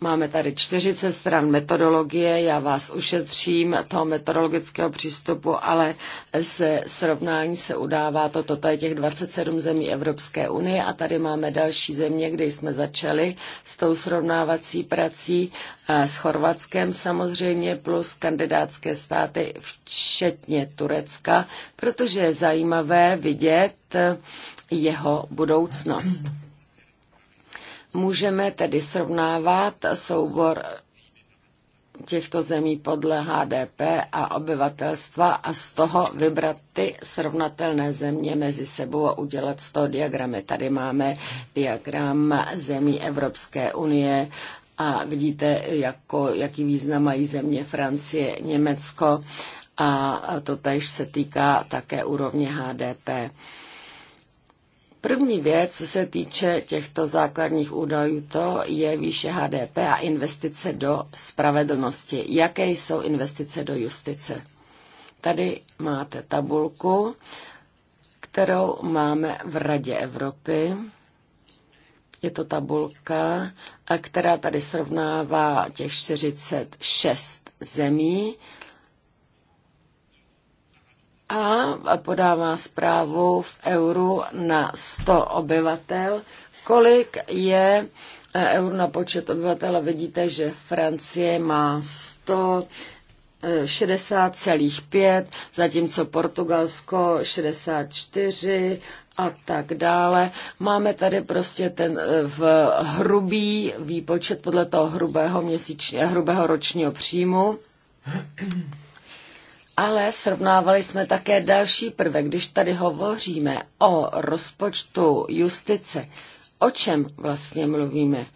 Máme tady 40 stran metodologie, já vás ušetřím toho metodologického přístupu, ale se srovnání se udává toto, to je těch 27 zemí Evropské unie a tady máme další země, kde jsme začali s tou srovnávací prací s Chorvatskem samozřejmě plus kandidátské státy, včetně Turecka, protože je zajímavé vidět jeho budoucnost. Můžeme tedy srovnávat soubor těchto zemí podle HDP a obyvatelstva a z toho vybrat ty srovnatelné země mezi sebou a udělat z toho diagramy. Tady máme diagram zemí Evropské unie a vidíte, jako, jaký význam mají země Francie, Německo a to tež se týká také úrovně HDP. První věc, co se týče těchto základních údajů, to je výše HDP a investice do spravedlnosti. Jaké jsou investice do justice? Tady máte tabulku, kterou máme v Radě Evropy. Je to tabulka, která tady srovnává těch 46 zemí a podává zprávu v euru na 100 obyvatel, kolik je e, eur na počet obyvatel. Vidíte, že Francie má 100 60,5, e, zatímco Portugalsko 64 a tak dále. Máme tady prostě ten e, v hrubý výpočet podle toho hrubého, měsíčně, hrubého ročního příjmu. Ale srovnávali jsme také další prvek, když tady hovoříme o rozpočtu justice. O čem vlastně mluvíme?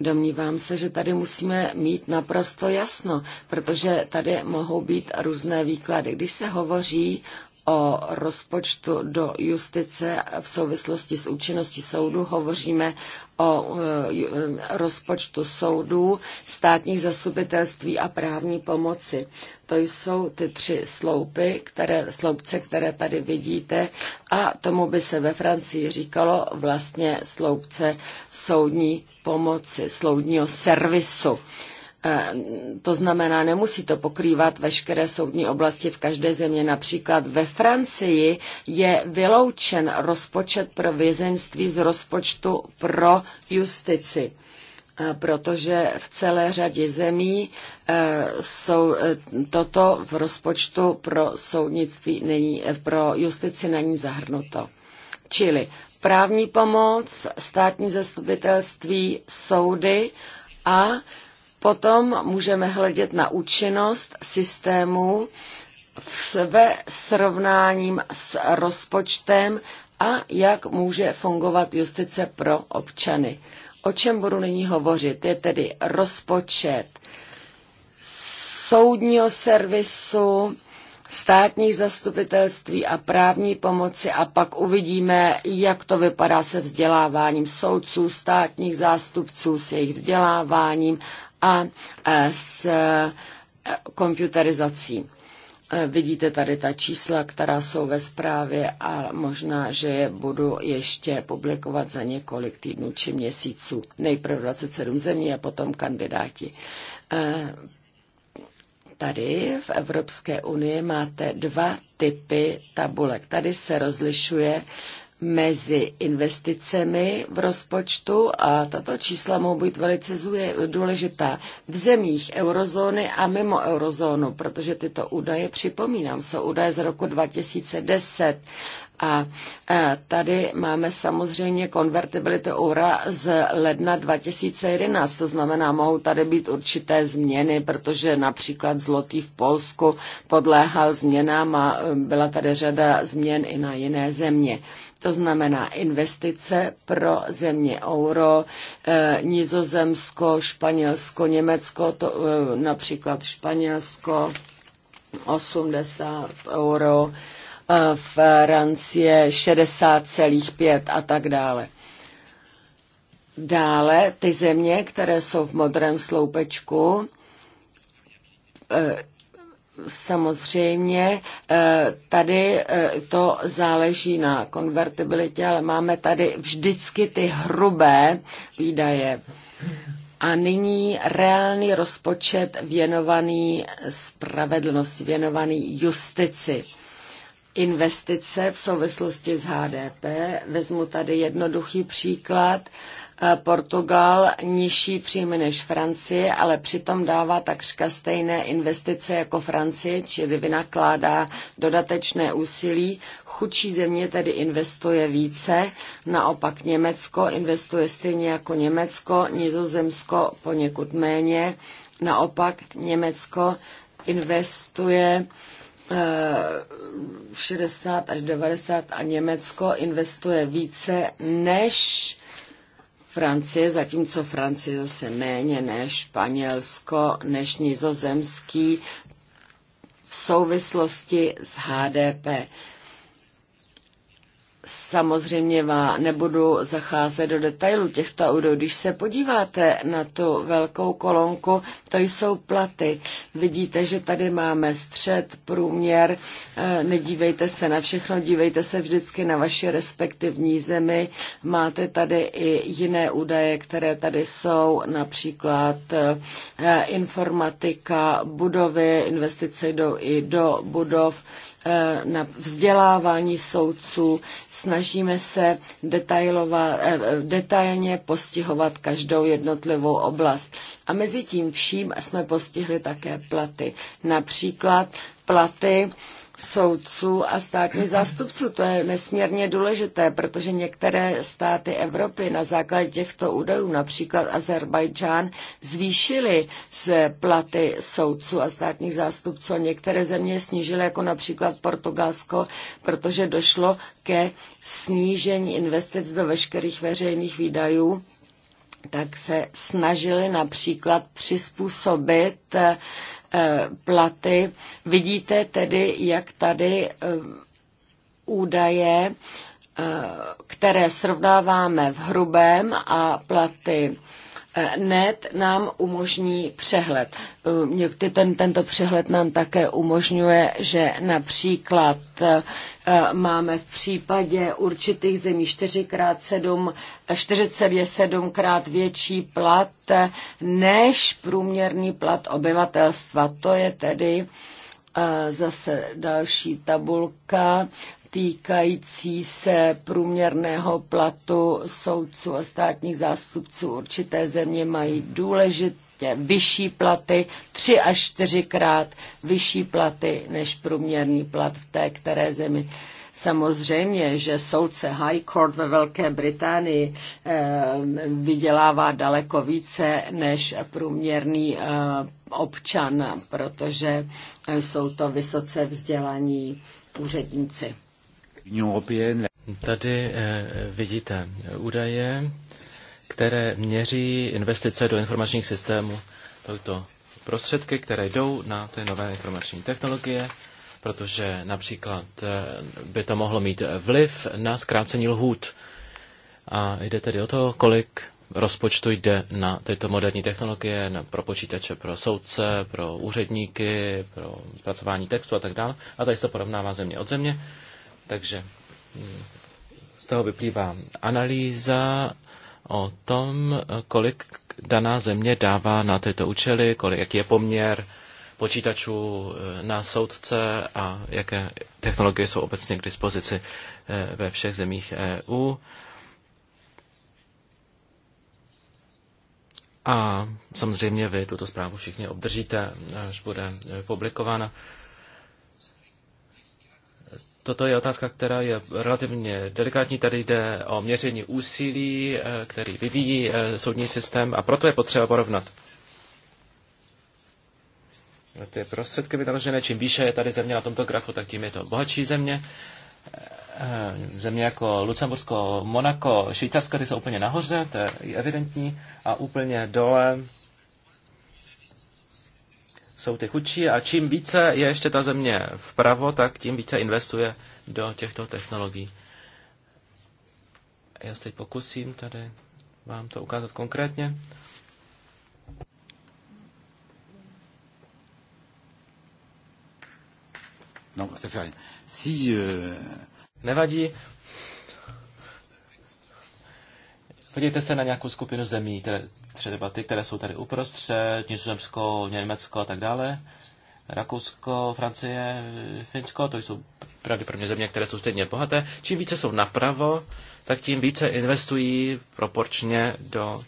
Domnívám se, že tady musíme mít naprosto jasno, protože tady mohou být různé výklady. Když se hovoří o rozpočtu do justice v souvislosti s účinností soudu, hovoříme o eh, eh, rozpočtu soudů, státních zastupitelství a právní pomoci. To jsou ty tři sloupy, které, sloupce, které tady vidíte a tomu by se ve Francii říkalo vlastně sloupce soudní pomoci, soudního servisu. E, to znamená, nemusí to pokrývat veškeré soudní oblasti v každé země. Například ve Francii je vyloučen rozpočet pro vězenství z rozpočtu pro justici e, protože v celé řadě zemí e, jsou toto v rozpočtu pro soudnictví není, pro justici není zahrnuto. Čili právní pomoc, státní zastupitelství, soudy a Potom můžeme hledět na účinnost systému ve srovnáním s rozpočtem a jak může fungovat justice pro občany. O čem budu nyní hovořit? Je tedy rozpočet soudního servisu, státních zastupitelství a právní pomoci a pak uvidíme, jak to vypadá se vzděláváním soudců, státních zástupců, s jejich vzděláváním a s e, komputerizací. E, vidíte tady ta čísla, která jsou ve zprávě a možná, že je budu ještě publikovat za několik týdnů či měsíců. Nejprve 27 zemí a potom kandidáti. E, Tady v Evropské unii máte dva typy tabulek. Tady se rozlišuje mezi investicemi v rozpočtu a tato čísla mohou být velice důležitá v zemích eurozóny a mimo eurozónu, protože tyto údaje, připomínám, jsou údaje z roku 2010 a e, tady máme samozřejmě konvertibilitu eura z ledna 2011, to znamená, mohou tady být určité změny, protože například zlotý v Polsku podléhal změnám a e, byla tady řada změn i na jiné země. To znamená investice pro země euro, e, Nizozemsko, Španělsko, Německo, to, například Španělsko 80 euro, Francie 60,5 a tak dále. Dále ty země, které jsou v modrém sloupečku, eh, Samozřejmě eh, tady eh, to záleží na konvertibilitě, ale máme tady vždycky ty hrubé výdaje. A nyní reálný rozpočet věnovaný spravedlnosti, věnovaný justici investice v souvislosti s HDP. Vezmu tady jednoduchý příklad. Eh, Portugal nižší příjmy než Francie, ale přitom dává takřka stejné investice jako Francie, čili vynakládá dodatečné úsilí. Chudší země tedy investuje více, naopak Německo investuje stejně jako Německo, Nizozemsko poněkud méně, naopak Německo investuje 60 eh, až 90 a Německo investuje více než Francie, zatímco Francie zase méně než Španělsko, než Nizozemský v souvislosti s HDP. Samozřejmě vám nebudu zacházet do detailu těchto údajů. Když se podíváte na tu velkou kolonku, to jsou platy. Vidíte, že tady máme střed, průměr, eh, nedívejte se na všechno, dívejte se vždycky na vaše respektivní zemi. Máte tady i jiné údaje, které tady jsou, například eh, informatika, budovy, investice jdou i do budov Eh, na vzdělávání soudců, snažíme se eh, detailně postihovat každou jednotlivou oblast. A mezi tím vším jsme postihli také platy. Například platy soudců a státních zástupců. To je nesmírně důležité, protože některé státy Evropy na základě těchto údajů, například Azerbajdžán, zvýšily se platy soudců a státních zástupců a některé země snížily, jako například Portugalsko, protože došlo ke snížení investic do veškerých veřejných výdajů tak se snažili například přizpůsobit eh, platy. Vidíte tedy, jak tady eh, údaje, eh, které srovnáváme v hrubém a platy net nám umožní přehled. Ten, tento přehled nám také umožňuje, že například eh, máme v případě určitých zemí 4x7, 47 krát větší plat než průměrný plat obyvatelstva. To je tedy eh, zase další tabulka týkající se průměrného platu soudců a státních zástupců určité země mají důležitě vyšší platy, tři až čtyřikrát vyšší platy než průměrný plat v té které zemi. Samozřejmě, že soudce High Court ve Velké Británii eh, vydělává daleko více než průměrný eh, občan, protože jsou to vysoce vzdělaní úředníci. Tady eh, vidíte údaje, které měří investice do informačních systémů. toto prostředky, které jdou na ty nové informační technologie, protože například eh, by to mohlo mít vliv na zkrácení lhůt. A jde tedy o to, kolik rozpočtu jde na tyto moderní technologie, na, pro počítače, pro soudce, pro úředníky, pro zpracování textu a tak dále. A tady se to porovnává země od země. Takže hm, z toho vyplývá analýza o tom, kolik daná země dává na tyto účely, kolik, jaký je poměr počítačů eh, na soudce a jaké technologie jsou obecně k dispozici eh, ve všech zemích EU. A samozřejmě vy tuto zprávu všichni obdržíte, až bude eh, publikována. Toto je otázka, která je relativně delikátní. Tady jde o měření úsilí, eh, který vyvíjí eh, soudní systém a proto je potřeba porovnat. Ty prostředky vynaložené, čím výše je tady země na tomto grafu, tak tím je to bohatší země. Eh, země jako Lucembursko, Monako, Švýcarsko, ty jsou úplně nahoře, to je evidentní, a úplně dole jsou ty chudší a čím více je ještě ta země vpravo, tak tím více investuje do těchto technologií. Já se pokusím tady vám to ukázat konkrétně. No, ça fait Si, euh... Nevadí. Podívejte se na nějakou skupinu zemí, které tři debaty, které jsou tady uprostřed, Nizozemsko, Německo a tak dále. Rakousko, Francie, Finsko, to jsou pravděpodobně země, které jsou stejně bohaté. Čím více jsou napravo, tak tím více investují proporčně do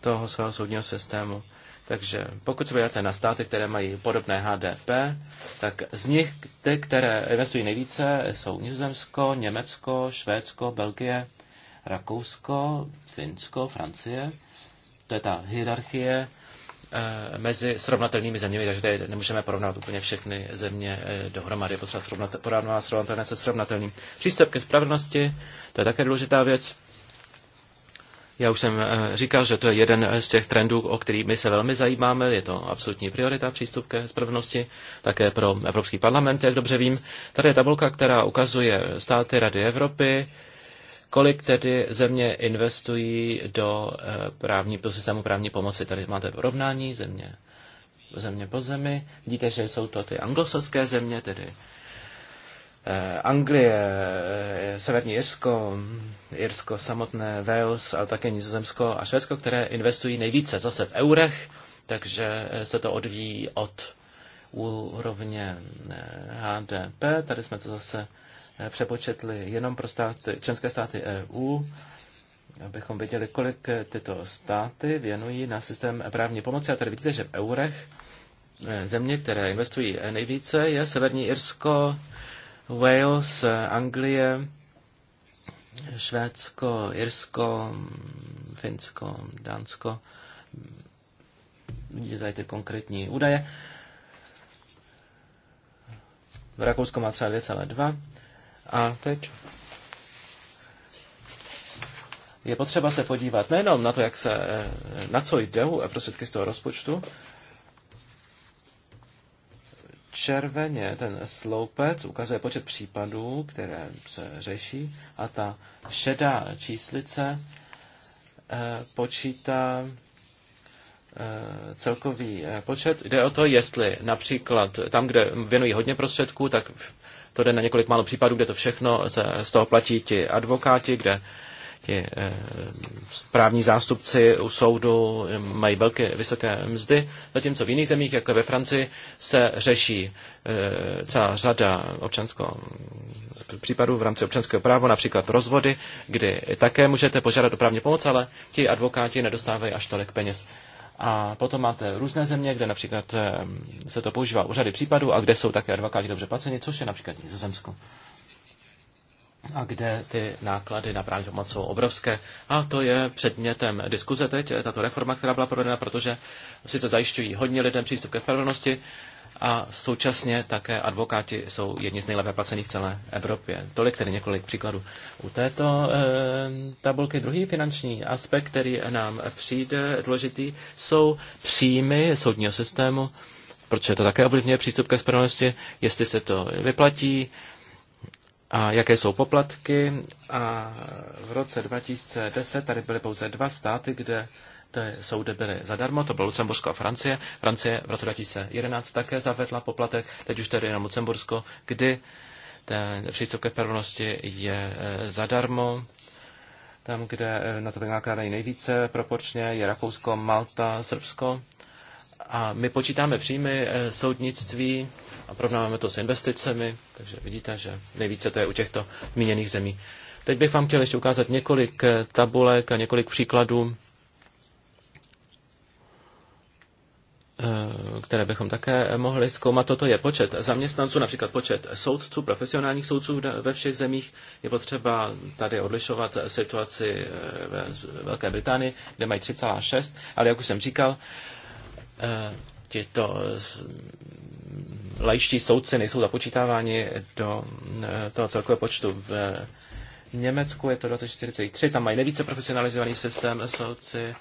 toho svého soudního systému. Takže pokud se vydáte na státy, které mají podobné HDP, tak z nich ty, které investují nejvíce, jsou Nizozemsko, Německo, Švédsko, Belgie, Rakousko, Finsko, Francie to je ta hierarchie eh, mezi srovnatelnými zeměmi, takže tady nemůžeme porovnat úplně všechny země eh, dohromady. Je potřeba srovnat, porovnat srovnatelné se srovnatelným. Přístup ke spravedlnosti, to je také důležitá věc. Já už jsem eh, říkal, že to je jeden z těch trendů, o který my se velmi zajímáme. Je to absolutní priorita přístup ke spravedlnosti, také pro Evropský parlament, jak dobře vím. Tady je tabulka, která ukazuje státy Rady Evropy, Kolik tedy země investují do, eh, právní, do systému právní pomoci? Tady máte porovnání země, země po zemi. Vidíte, že jsou to ty anglosaské země, tedy eh, Anglie, eh, Severní Irsko, Irsko samotné, Wales, ale také Nizozemsko a Švédsko, které investují nejvíce zase v eurech, takže se to odvíjí od úrovně HDP. Tady jsme to zase přepočetli jenom pro státy, členské státy EU, abychom věděli, kolik tyto státy věnují na systém právní pomoci. A tady vidíte, že v eurech eh, země, které investují nejvíce, je Severní Irsko, Wales, Anglie, Švédsko, Irsko, Finsko, Dánsko. Vidíte tady ty konkrétní údaje. V Rakousku má třeba a teď je potřeba se podívat nejenom na to, jak se, eh, na co jdou eh, prostředky z toho rozpočtu, červeně ten sloupec ukazuje počet případů, které se řeší a ta šedá číslice eh, počítá celkový počet. Jde o to, jestli například tam, kde věnují hodně prostředků, tak to jde na několik málo případů, kde to všechno se z toho platí ti advokáti, kde ti eh, právní zástupci u soudu mají velké, vysoké mzdy, zatímco v jiných zemích, jako ve Francii, se řeší eh, celá řada občanského případů v rámci občanského práva, například rozvody, kdy také můžete požádat o právní pomoc, ale ti advokáti nedostávají až tolik peněz. A potom máte různé země, kde například se to používá u řady případů a kde jsou také advokáti dobře placeni, což je například Nizozemsko. A kde ty náklady na právní pomoc jsou obrovské. A to je předmětem diskuze teď, eh, tato reforma, která byla provedena, protože sice zajišťují hodně lidem přístup ke spravedlnosti, a současně také advokáti jsou jedni z nejlépe placených v celé Evropě. Tolik tedy několik příkladů. U této e, tabulky druhý finanční aspekt, který nám přijde důležitý, jsou příjmy soudního systému, protože to také ovlivňuje přístup ke spravedlnosti, jestli se to vyplatí, a jaké jsou poplatky. A v roce 2010 tady byly pouze dva státy, kde ty soudy byly zadarmo, to bylo Lucembursko a Francie. Francie v roce 2011 také zavedla poplatek, teď už tedy jenom Lucembursko, kdy ten přístup ke spravedlnosti je eh, zadarmo. Tam, kde eh, na to vynakládají nejvíce proporčně, je Rakousko, Malta, Srbsko. A my počítáme příjmy eh, soudnictví a porovnáváme to s investicemi, takže vidíte, že nejvíce to je u těchto míněných zemí. Teď bych vám chtěl ještě ukázat několik tabulek a několik příkladů Eh, které bychom také mohli zkoumat. Toto je počet zaměstnanců, například počet soudců, profesionálních soudců ve všech zemích. Je potřeba tady odlišovat situaci eh, ve Velké Británii, kde mají 3,6, ale jak už jsem říkal, eh, tito lajští soudci nejsou započítáváni do toho celkového počtu. V Německu je to 24,3, tam mají nejvíce profesionalizovaný systém soudci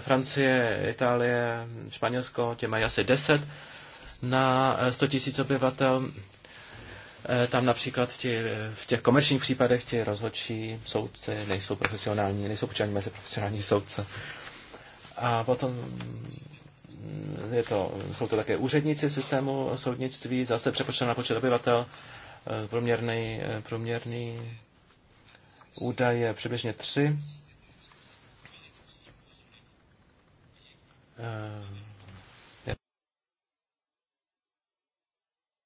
Francie, Itálie, Španělsko, tě mají asi 10 na 100 eh, 000 obyvatel. Eh, tam například ti, v těch komerčních případech ti rozhodčí soudci nejsou profesionální, nejsou počítaní mezi profesionální soudce. A potom mm, je to, jsou to také úředníci v systému soudnictví, zase přepočteno na počet obyvatel, eh, průměrný, průměrný údaj je přibližně 3 Eh,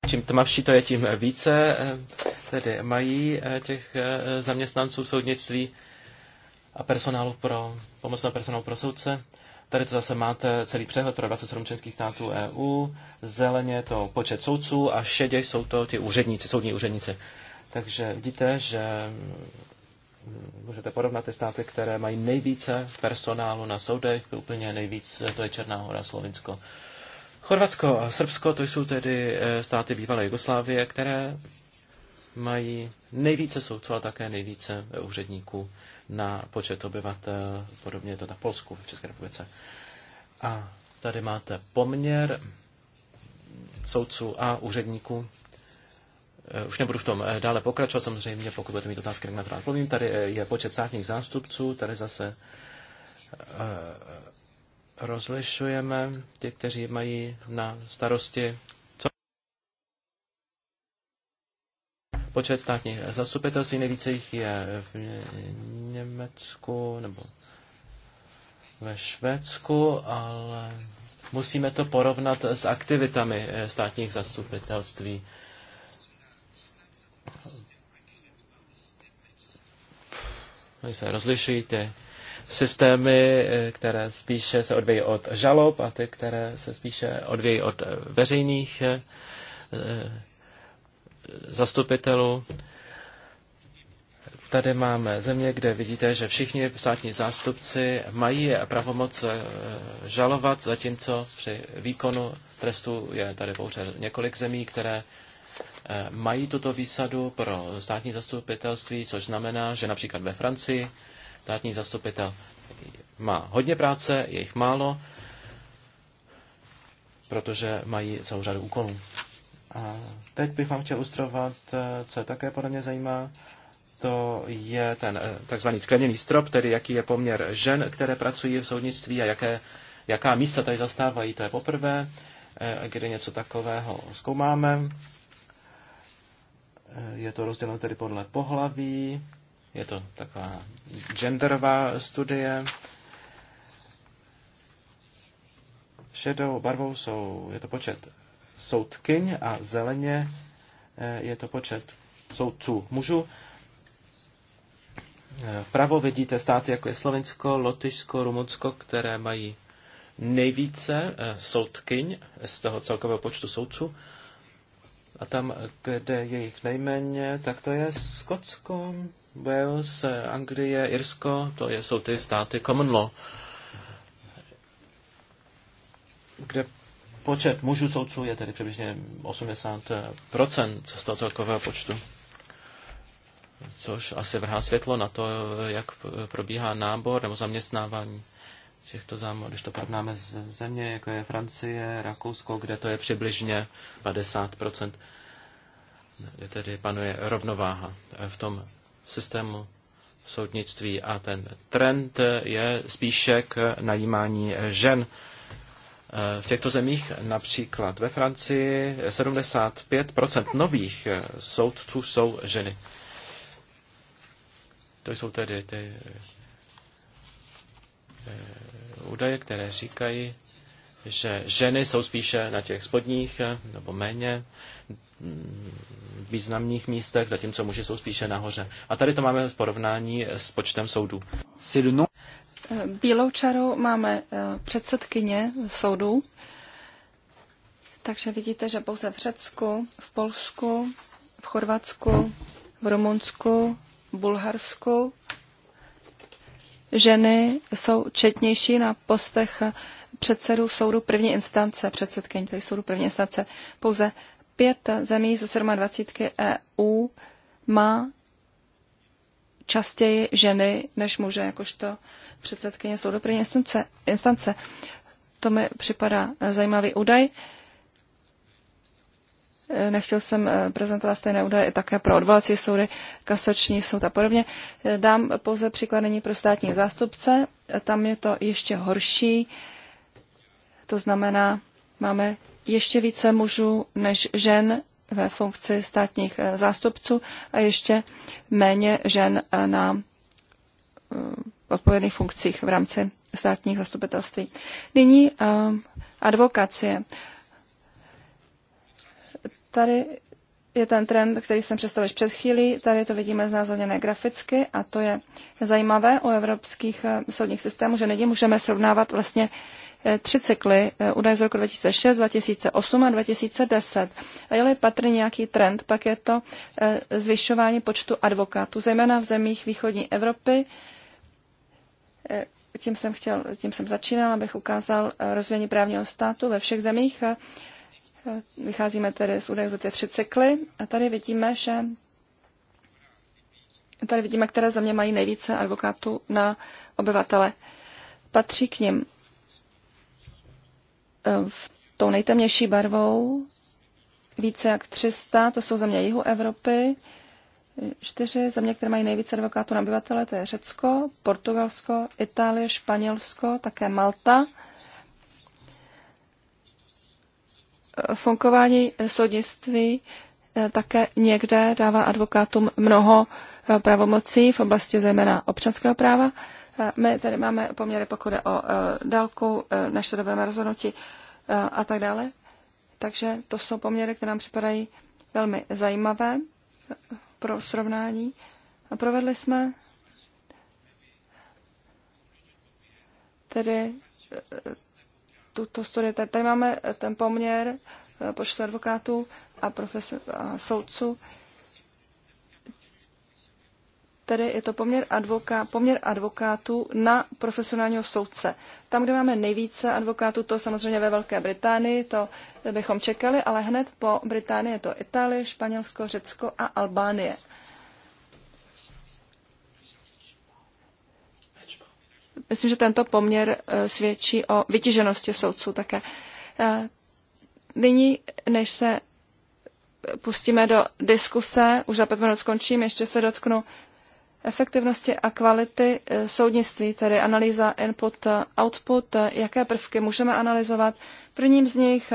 čím tmavší to je, tím více eh, tedy mají eh, těch zaměstnanců soudnictví a personálu pro, pomocného personálu pro soudce. Tady to zase máte celý přehled pro 27 členských států EU. Zeleně to počet soudců a šedě jsou to ty úředníci, soudní úředníci. Takže vidíte, že můžete porovnat ty státy, které mají nejvíce personálu na soudech, úplně nejvíc, to je Černá hora, Slovinsko. Chorvatsko a Srbsko, to jsou tedy eh, státy bývalé Jugoslávie, které mají nejvíce soudců, ale také nejvíce eh, úředníků na počet obyvatel, podobně je to na Polsku v České republice. A tady máte poměr soudců a úředníků Eh, už nebudu v tom eh, dále pokračovat, samozřejmě, pokud budete mít otázky, na to odpovím. Tady eh, je počet státních zástupců, tady zase rozlišujeme ty, kteří mají na starosti co? počet státních zastupitelství, nejvíce jich je v Německu nebo ve Švédsku, ale musíme to porovnat s aktivitami státních zastupitelství. se rozlišují ty systémy, eh, které spíše se odvějí od žalob a ty, které se spíše odvějí od eh, veřejných eh, zastupitelů. Tady máme země, kde vidíte, že všichni státní zástupci mají pravomoc žalovat, zatímco při výkonu trestu je tady pouze několik zemí, které Eh, mají tuto výsadu pro státní zastupitelství, což znamená, že například ve Francii státní zastupitel má hodně práce, je jich málo, protože mají celou řadu úkolů. A teď bych vám chtěl ustrovat, eh, co je také podle mě zajímá, to je ten eh, takzvaný skleněný strop, tedy jaký je poměr žen, které pracují v soudnictví a jaké, jaká místa tady zastávají. To je poprvé, kdy něco takového zkoumáme. Je to rozděleno tedy podle pohlaví, je to taková genderová studie. Šedou barvou jsou, je to počet soudkyň a zeleně eh, je to počet soudců mužů. Vpravo eh, vidíte státy, jako je Slovensko, Lotyšsko, Rumunsko, které mají nejvíce eh, soudkyň z toho celkového počtu soudců. A tam, kde je jich nejméně, tak to je Skotsko, Wales, Anglie, Irsko, to je, jsou ty státy common law, kde počet mužů soudců je tedy přibližně 80% z toho celkového počtu. Což asi vrhá světlo na to, jak probíhá nábor nebo zaměstnávání těchto zám, když to porovnáme z země, jako je Francie, Rakousko, kde to je přibližně 50 je tedy panuje rovnováha v tom systému soudnictví a ten trend je spíše k najímání žen. V těchto zemích, například ve Francii, 75% nových soudců jsou ženy. To jsou tedy ty údaje, které říkají, že ženy jsou spíše na těch spodních eh, nebo méně mm, významných místech, zatímco muži jsou spíše nahoře. A tady to máme v porovnání s počtem soudů. Eh, bílou čarou máme eh, předsedkyně soudů, takže vidíte, že pouze v Řecku, v Polsku, v Chorvatsku, v Rumunsku, v Bulharsku ženy jsou četnější na postech předsedů soudu první instance, předsedkyní tedy soudu první instance. Pouze pět zemí ze 27 EU má častěji ženy než muže, jakožto předsedkyně soudu první instance. To mi připadá zajímavý údaj. Eh, nechtěl jsem eh, prezentovat stejné údaje i také pro odvolací soudy, kasační soud a podobně. Eh, dám pouze příklad nyní pro státní zástupce, tam je to ještě horší, to znamená, máme ještě více mužů než žen ve funkci státních zástupců a ještě méně žen na odpovědných funkcích v rámci státních zastupitelství. Nyní advokacie. Tady je ten trend, který jsem představil před chvílí. Tady to vidíme znázorněné graficky a to je zajímavé u evropských eh, soudních systémů, že nyní můžeme srovnávat vlastně eh, tři cykly, eh, údaj z roku 2006, 2008 a 2010. A je-li patrný nějaký trend, pak je to zvyšování počtu advokátů, zejména v zemích východní Evropy. Tím jsem, chtěl, tím jsem začínal, abych ukázal rozvíjení právního státu ve všech zemích. Vycházíme tedy z údajů za ty tři cykly a tady vidíme, že tady vidíme, které země mají nejvíce advokátů na obyvatele. Patří k nim eh, v tou nejtemnější barvou více jak 300, to jsou země jihu Evropy, čtyři země, které mají nejvíce advokátů na obyvatele, to je Řecko, Portugalsko, Itálie, Španělsko, také Malta – fungování soudnictví eh, také někde dává advokátům mnoho eh, pravomocí v oblasti zejména občanského práva. Eh, my tady máme poměry, pokud je o dálku, dobré rozhodnutí a tak dále. Takže to jsou poměry, které nám připadají velmi zajímavé pro srovnání. A provedli jsme tedy tuto studii. Tady máme eh, ten poměr eh, počtu advokátů a, profesor, a soudců. Tedy je to poměr, advoká, poměr advokátů na profesionálního soudce. Tam, kde máme nejvíce advokátů, to samozřejmě ve Velké Británii, to bychom čekali, ale hned po Británii je to Itálie, Španělsko, Řecko a Albánie. Myslím, že tento poměr eh, svědčí o vytíženosti soudců také. Eh, nyní, než se pustíme do diskuse, už za pět minut skončím, ještě se dotknu efektivnosti a kvality eh, soudnictví, tedy analýza input, output, jaké prvky můžeme analyzovat. Prvním z nich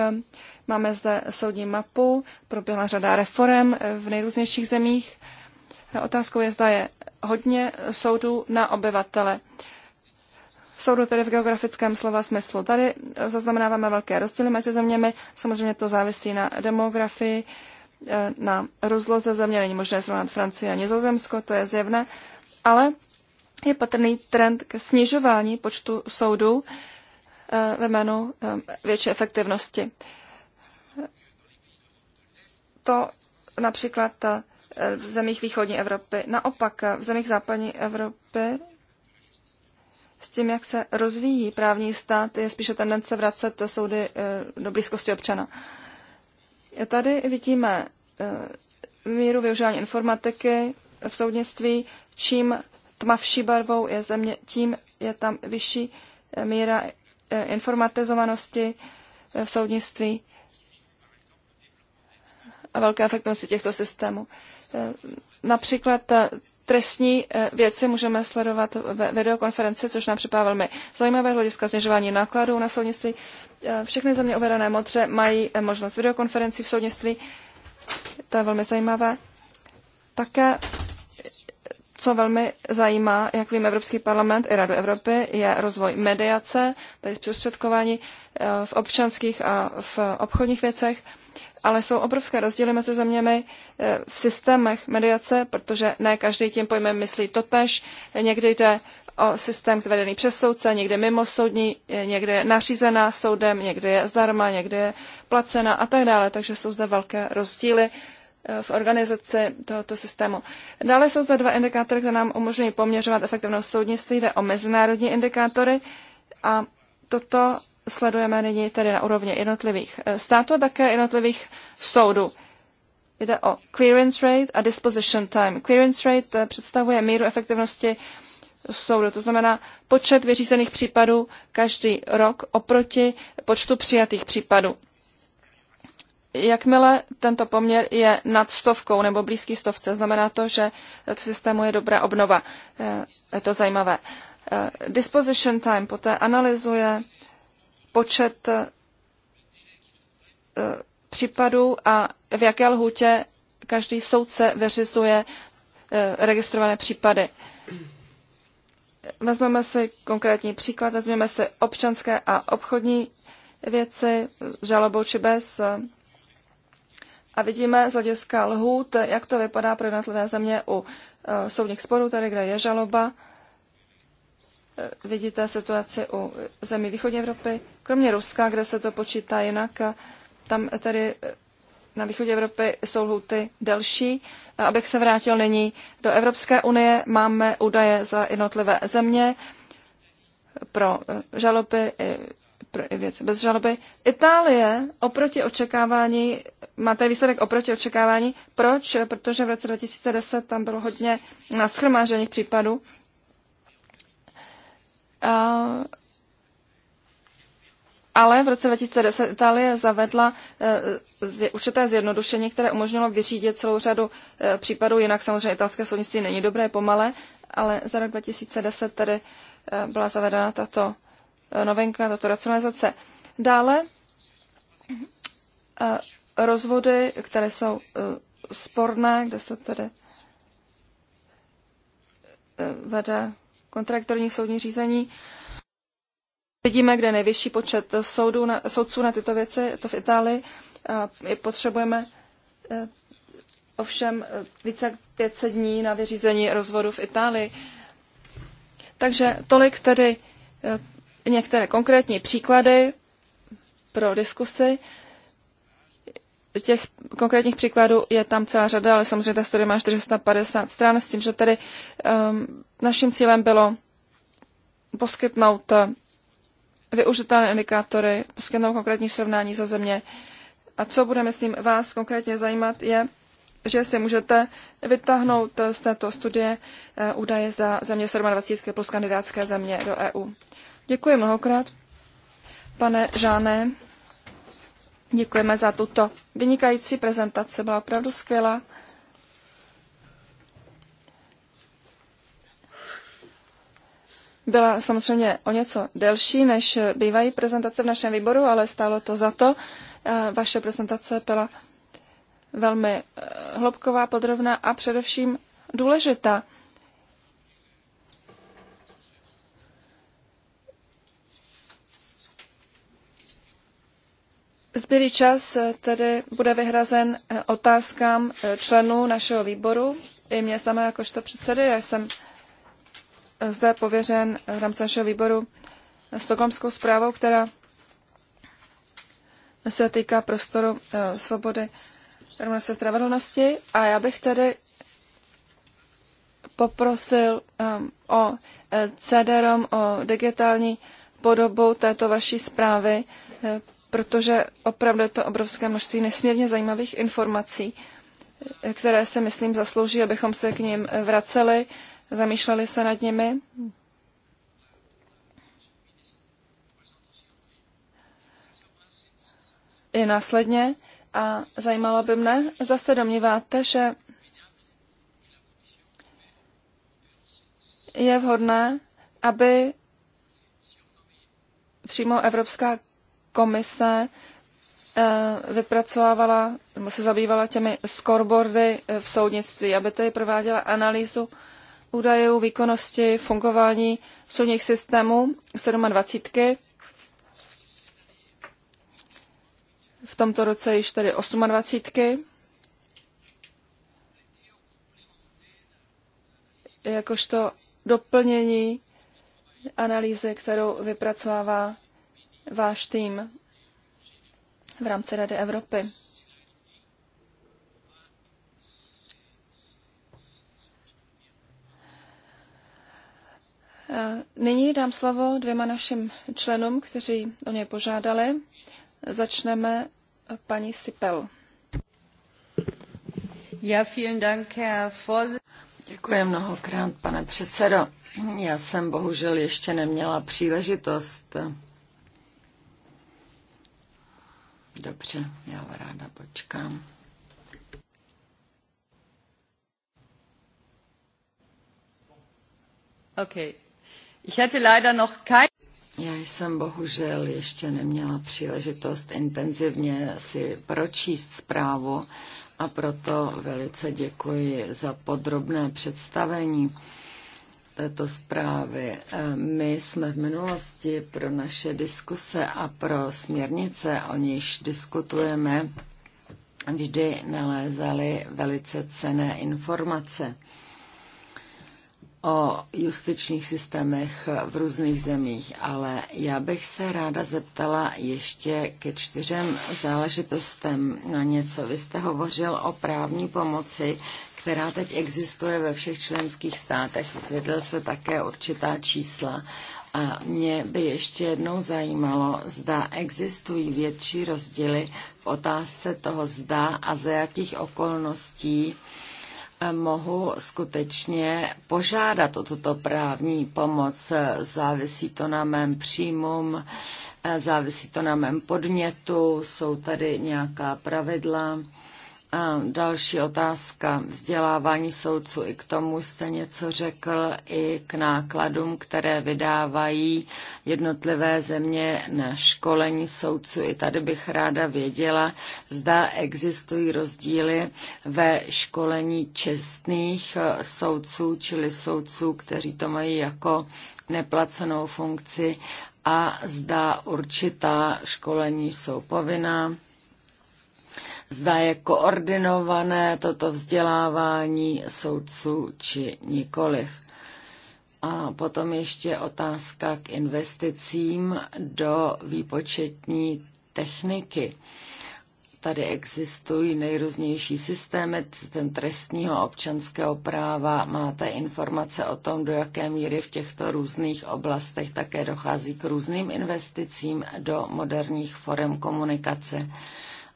máme zde soudní mapu, proběhla řada reform v nejrůznějších zemích. Otázkou je, zda je hodně soudů na obyvatele soudu, tedy v geografickém slova smyslu. Tady eh, zaznamenáváme velké rozdíly mezi zeměmi, samozřejmě to závisí na demografii, eh, na rozloze země, není možné srovnat Francii a Nizozemsko, to je zjevné, ale je patrný trend k snižování počtu soudů eh, ve jménu větší efektivnosti. To například v zemích východní Evropy. Naopak v zemích západní Evropy tím, jak se rozvíjí právní stát, je spíše tendence vracet soudy eh, do blízkosti občana. Tady vidíme eh, míru využívání informatiky v soudnictví. Čím tmavší barvou je země, tím je tam vyšší eh, míra informatizovanosti v soudnictví a velké efektivnosti těchto systémů. Například trestní eh, věci můžeme sledovat ve videokonferenci, což nám připadá velmi zajímavé hlediska snižování nákladů na soudnictví. Eh, Všechny země uvedené modře mají eh, možnost videokonferencí v soudnictví. To je velmi zajímavé. Také, co velmi zajímá, jak vím, Evropský parlament i Radu Evropy, je rozvoj mediace, tedy zprostředkování v občanských a v obchodních věcech ale jsou obrovské rozdíly mezi zeměmi eh, v systémech mediace, protože ne každý tím pojmem myslí totež. Někdy jde o systém vedený přes soudce, někde mimo soudní, eh, někde je nařízená soudem, někde je zdarma, někde je placena a tak dále. Takže jsou zde velké rozdíly eh, v organizaci tohoto systému. Dále jsou zde dva indikátory, které nám umožňují poměřovat efektivnost soudnictví. Jde o mezinárodní indikátory a toto sledujeme nyní tedy na úrovni jednotlivých eh, států a také jednotlivých soudů. Jde o clearance rate a disposition time. Clearance rate eh, představuje míru efektivnosti soudu, to znamená počet vyřízených případů každý rok oproti počtu přijatých případů. Jakmile tento poměr je nad stovkou nebo blízký stovce, znamená to, že v systému je dobrá obnova. Eh, je to zajímavé. Disposition time poté analyzuje počet eh, případů a v jaké lhůtě každý soudce vyřizuje eh, registrované případy. Vezmeme si konkrétní příklad, vezmeme si občanské a obchodní věci, žalobou či bez. Eh, a vidíme z hlediska lhůt, jak to vypadá pro jednotlivé země u soudních sporů, tady kde je žaloba. Eh, vidíte situaci u zemí východní Evropy, kromě Ruska, kde se to počítá jinak, tam tedy eh, na východě Evropy jsou lhuty delší. Abych se vrátil nyní do Evropské unie, máme údaje za jednotlivé země pro eh, žaloby i pro i věci bez žaloby. Itálie oproti očekávání, má ten výsledek oproti očekávání. Proč? Protože v roce 2010 tam bylo hodně naschromážených případů ale v roce 2010 Itálie zavedla e, určité zjednodušení, které umožnilo vyřídit celou řadu e, případů, jinak samozřejmě italské soudnictví není dobré, pomalé, ale za rok 2010 tedy e, byla zavedena tato novinka, tato racionalizace. Dále rozvody, které jsou sporné, kde se tedy vede kontradiktorní soudní řízení. Vidíme, kde nejvyšší počet soudů na, soudců na tyto věci, to v Itálii. A potřebujeme eh, ovšem eh, více jak 500 dní na vyřízení rozvodu v Itálii. Takže tolik tedy eh, některé konkrétní příklady pro diskusy těch konkrétních příkladů je tam celá řada, ale samozřejmě ta studie má 450 stran, s tím, že tedy um, naším cílem bylo poskytnout eh, využitelné indikátory, poskytnout konkrétní srovnání za země. A co bude, myslím, vás konkrétně zajímat, je, že si můžete vytáhnout eh, z této studie eh, údaje za země 27 plus kandidátské země do EU. Děkuji mnohokrát, pane žáne. Děkujeme za tuto vynikající prezentaci, byla opravdu skvělá. Byla samozřejmě o něco delší, než bývají prezentace v našem výboru, ale stálo to za to. Eh, vaše prezentace byla velmi eh, hloubková, podrobná a především důležitá. Zbylý čas eh, tedy bude vyhrazen eh, otázkám eh, členů našeho výboru. I mě sama jakožto předsedy, já jsem zde pověřen v rámci našeho výboru stokholmskou zprávou, která se týká prostoru svobody, rovnosti a spravedlnosti. A já bych tedy poprosil ehm, o cd o digitální podobu této vaší zprávy, protože opravdu je to obrovské množství nesmírně zajímavých informací, které se, myslím, zaslouží, abychom se k ním vraceli, zamýšleli se nad nimi. I následně. A zajímalo by mne, zase domníváte, že je vhodné, aby přímo Evropská komise eh, vypracovávala nebo se zabývala těmi scoreboardy eh, v soudnictví, aby tedy prováděla analýzu údajů, výkonnosti, fungování soudních systémů 27. V tomto roce již tedy 28. Jakožto doplnění analýzy, kterou vypracovává váš tým v rámci Rady Evropy. Eh, nyní dám slovo dvěma našim členům, kteří o něj požádali. Začneme paní Sipel. Ja, vielen Dank, Herr Děkuji mnohokrát, pane předsedo. Já jsem bohužel ještě neměla příležitost Dobře, já ráda počkám. Ok, Ich hatte leider noch kein... Já jsem bohužel ještě neměla příležitost intenzivně si pročíst zprávu a proto velice děkuji za podrobné představení této zprávy. E, my jsme v minulosti pro naše diskuse a pro směrnice, o níž diskutujeme, vždy nalézali velice cené informace o justičních systémech v různých zemích, ale já bych se ráda zeptala ještě ke čtyřem záležitostem na něco. Vy jste hovořil o právní pomoci, která teď existuje ve všech členských státech. Vysvětlil se také určitá čísla. A mě by ještě jednou zajímalo, zda existují větší rozdíly v otázce toho zda a za jakých okolností eh, mohu skutečně požádat o tuto právní pomoc. Závisí to na mém příjmům, eh, závisí to na mém podnětu, jsou tady nějaká pravidla Další otázka. Vzdělávání soudců. I k tomu jste něco řekl, i k nákladům, které vydávají jednotlivé země na školení soudců. I tady bych ráda věděla, zda existují rozdíly ve školení čestných eh, soudců, čili soudců, kteří to mají jako neplacenou funkci a zda určitá školení jsou povinná zda je koordinované toto vzdělávání soudců či nikoliv. A potom ještě otázka k investicím do výpočetní techniky. Tady existují nejrůznější systémy, ten trestního občanského práva. Máte informace o tom, do jaké míry v těchto různých oblastech také dochází k různým investicím do moderních forem komunikace.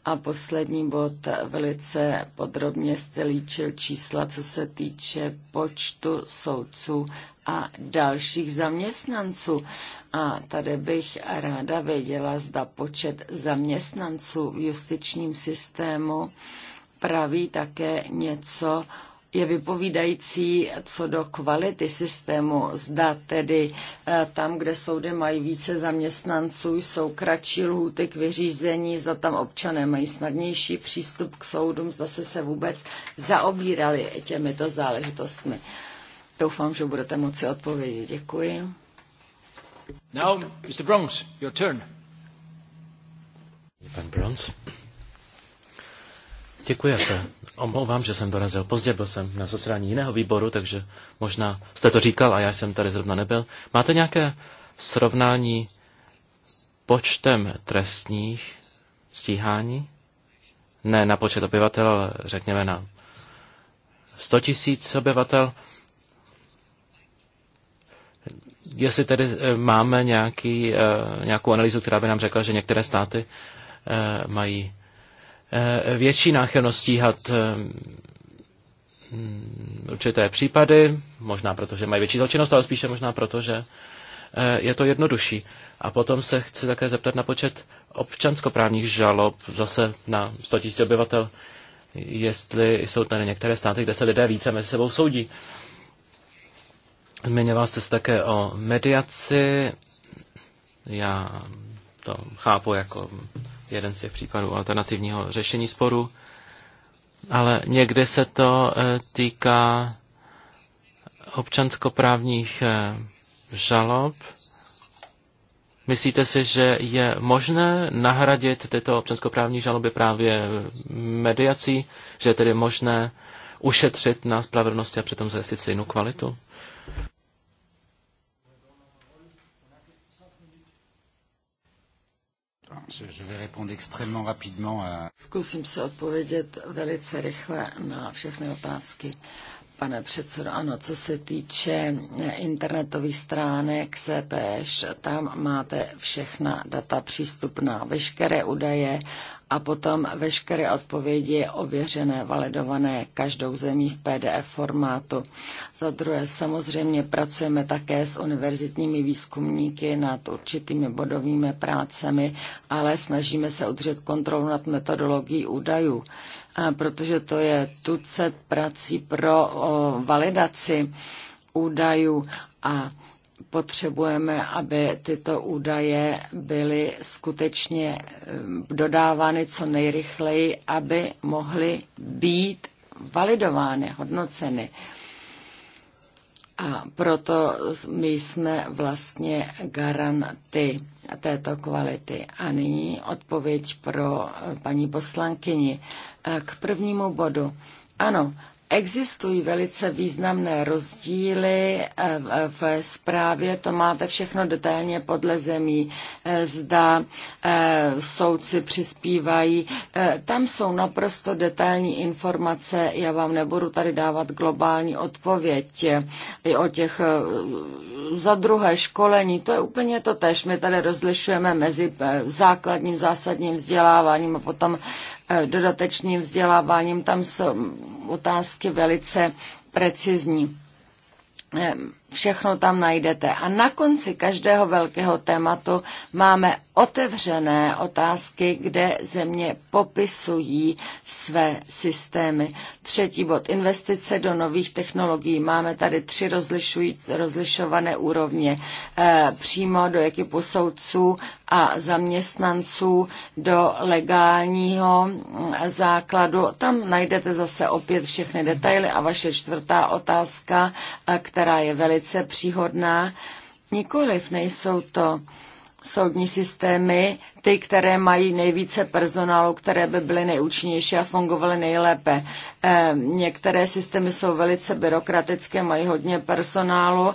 A poslední bod velice podrobně jste líčil čísla, co se týče počtu soudců a dalších zaměstnanců. A tady bych ráda věděla, zda počet zaměstnanců v justičním systému praví také něco je vypovídající co do kvality systému. Zda tedy eh, tam, kde soudy mají více zaměstnanců, jsou kratší lhůty k vyřízení, zda tam občané mají snadnější přístup k soudům, zda se se vůbec zaobírali těmito záležitostmi. Doufám, že budete moci odpovědět. Děkuji. Now, Mr. Bronx, your turn. Pan Bronx. Děkuji, já se omlouvám, že jsem dorazil pozdě, byl jsem na zasedání jiného výboru, takže možná jste to říkal a já jsem tady zrovna nebyl. Máte nějaké srovnání počtem trestních stíhání? Ne na počet obyvatel, ale řekněme na 100 tisíc obyvatel. Jestli tedy eh, máme nějaký, eh, nějakou analýzu, která by nám řekla, že některé státy eh, mají Eh, větší náchylnost stíhat eh, mm, určité případy, možná proto, že mají větší zločinnost, ale spíše možná proto, že eh, je to jednodušší. A potom se chci také zeptat na počet občanskoprávních žalob zase na 100 000 obyvatel, jestli jsou tady některé státy, kde se lidé více mezi sebou soudí. Zmiňoval jste se také o mediaci. Já to chápu jako jeden z těch případů alternativního řešení sporu, ale někde se to eh, týká občanskoprávních eh, žalob. Myslíte si, že je možné nahradit tyto občanskoprávní žaloby právě eh, mediací, že je tedy možné ušetřit na spravedlnosti a přitom zajistit stejnou kvalitu? Zkusím se odpovědět velice rychle na všechny otázky. Pane předsedo, ano, co se týče internetových stránek CPŠ, tam máte všechna data přístupná, veškeré údaje a potom veškeré odpovědi ověřené, validované každou zemí v PDF formátu. Za druhé, samozřejmě pracujeme také s univerzitními výzkumníky nad určitými bodovými prácemi, ale snažíme se udržet kontrolu nad metodologií údajů, protože to je tucet prací pro validaci údajů a potřebujeme, aby tyto údaje byly skutečně eh, dodávány co nejrychleji, aby mohly být validovány, hodnoceny. A proto my jsme vlastně garanty této kvality. A nyní odpověď pro eh, paní poslankyni. Eh, k prvnímu bodu. Ano, Existují velice významné rozdíly eh, v zprávě, to máte všechno detailně podle zemí, eh, zda eh, soudci přispívají. Tam jsou naprosto detailní informace, já vám nebudu tady dávat globální odpověď i o těch za druhé školení, to je úplně to tež. My tady rozlišujeme mezi základním, zásadním vzděláváním a potom E, dodatečným vzděláváním. Tam jsou otázky velice precizní všechno tam najdete. A na konci každého velkého tématu máme otevřené otázky, kde země popisují své systémy. Třetí bod, investice do nových technologií. Máme tady tři rozlišované úrovně. E, přímo do ekipu soudců a zaměstnanců do legálního mm, základu. Tam najdete zase opět všechny detaily a vaše čtvrtá otázka, eh, která je velice velice příhodná. Nikoliv nejsou to soudní systémy, ty, které mají nejvíce personálu, které by byly nejúčinnější a fungovaly nejlépe. E, některé systémy jsou velice byrokratické, mají hodně personálu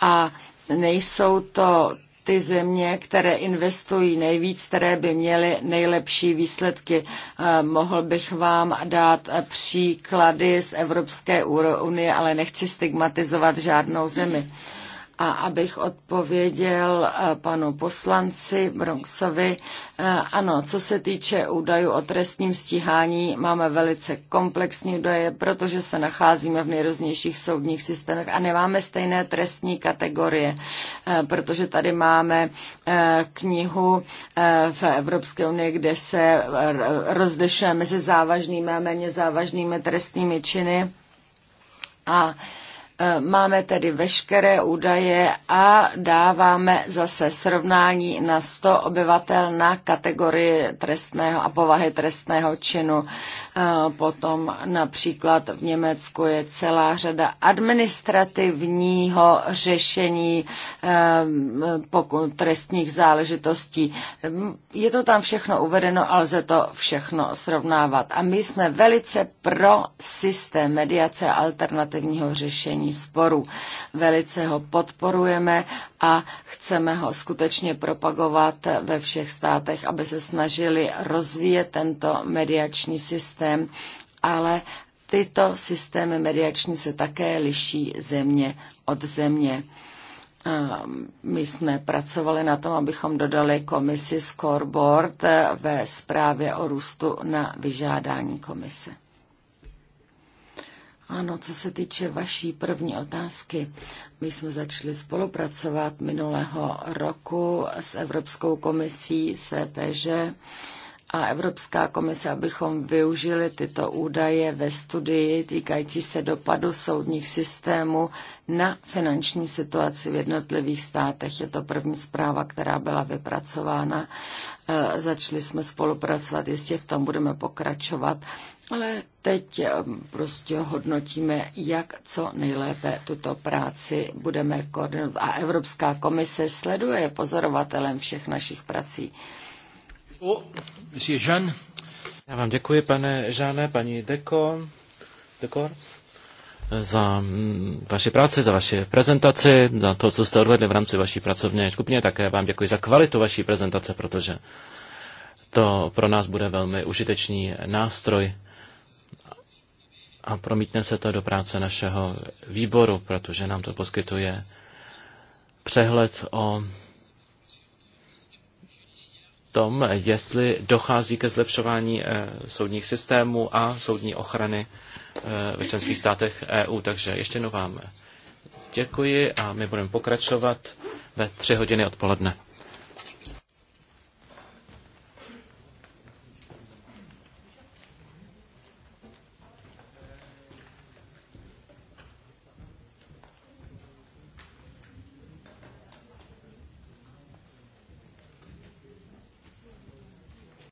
a nejsou to ty země, které investují nejvíc, které by měly nejlepší výsledky. Eh, mohl bych vám dát eh, příklady z Evropské unie, ale nechci stigmatizovat žádnou zemi. Hmm a abych odpověděl eh, panu poslanci Bronxovi, eh, ano, co se týče údajů o trestním stíhání, máme velice komplexní údaje, protože se nacházíme v nejrůznějších soudních systémech a nemáme stejné trestní kategorie, eh, protože tady máme knihu v Evropské unii, kde se rozlišuje mezi závažnými a méně závažnými trestnými činy. A uh, Eh, máme tedy veškeré údaje a dáváme zase srovnání na 100 obyvatel na kategorii trestného a povahy trestného činu. Eh, potom například v Německu je celá řada administrativního řešení eh, trestních záležitostí. Je to tam všechno uvedeno ale lze to všechno srovnávat. A my jsme velice pro systém mediace alternativního řešení Sporu Velice ho podporujeme a chceme ho skutečně propagovat ve všech státech, aby se snažili rozvíjet tento mediační systém, ale tyto systémy mediační se také liší země od země. Ehm, my jsme pracovali na tom, abychom dodali komisi scoreboard eh, ve zprávě o růstu na vyžádání komise. Ano, co se týče vaší první otázky, my jsme začali spolupracovat minulého roku s Evropskou komisí CPŽ a Evropská komise, abychom využili tyto údaje ve studii týkající se dopadu soudních systémů na finanční situaci v jednotlivých státech. Je to první zpráva, která byla vypracována. E, začali jsme spolupracovat, jistě v tom budeme pokračovat ale teď eh, prostě hodnotíme, jak co nejlépe tuto práci budeme koordinovat. A Evropská komise sleduje pozorovatelem všech našich prací. Oh, Já vám děkuji, pane Žáne, paní Deko, Dekor, za mm, vaši práci, za vaši prezentaci, za to, co jste odvedli v rámci vaší pracovní skupině. Také vám děkuji za kvalitu vaší prezentace, protože to pro nás bude velmi užitečný nástroj a promítne se to do práce našeho výboru, protože nám to poskytuje přehled o tom, jestli dochází ke zlepšování eh, soudních systémů a soudní ochrany eh, ve členských státech EU. Takže ještě jednou vám děkuji a my budeme pokračovat ve tři hodiny odpoledne.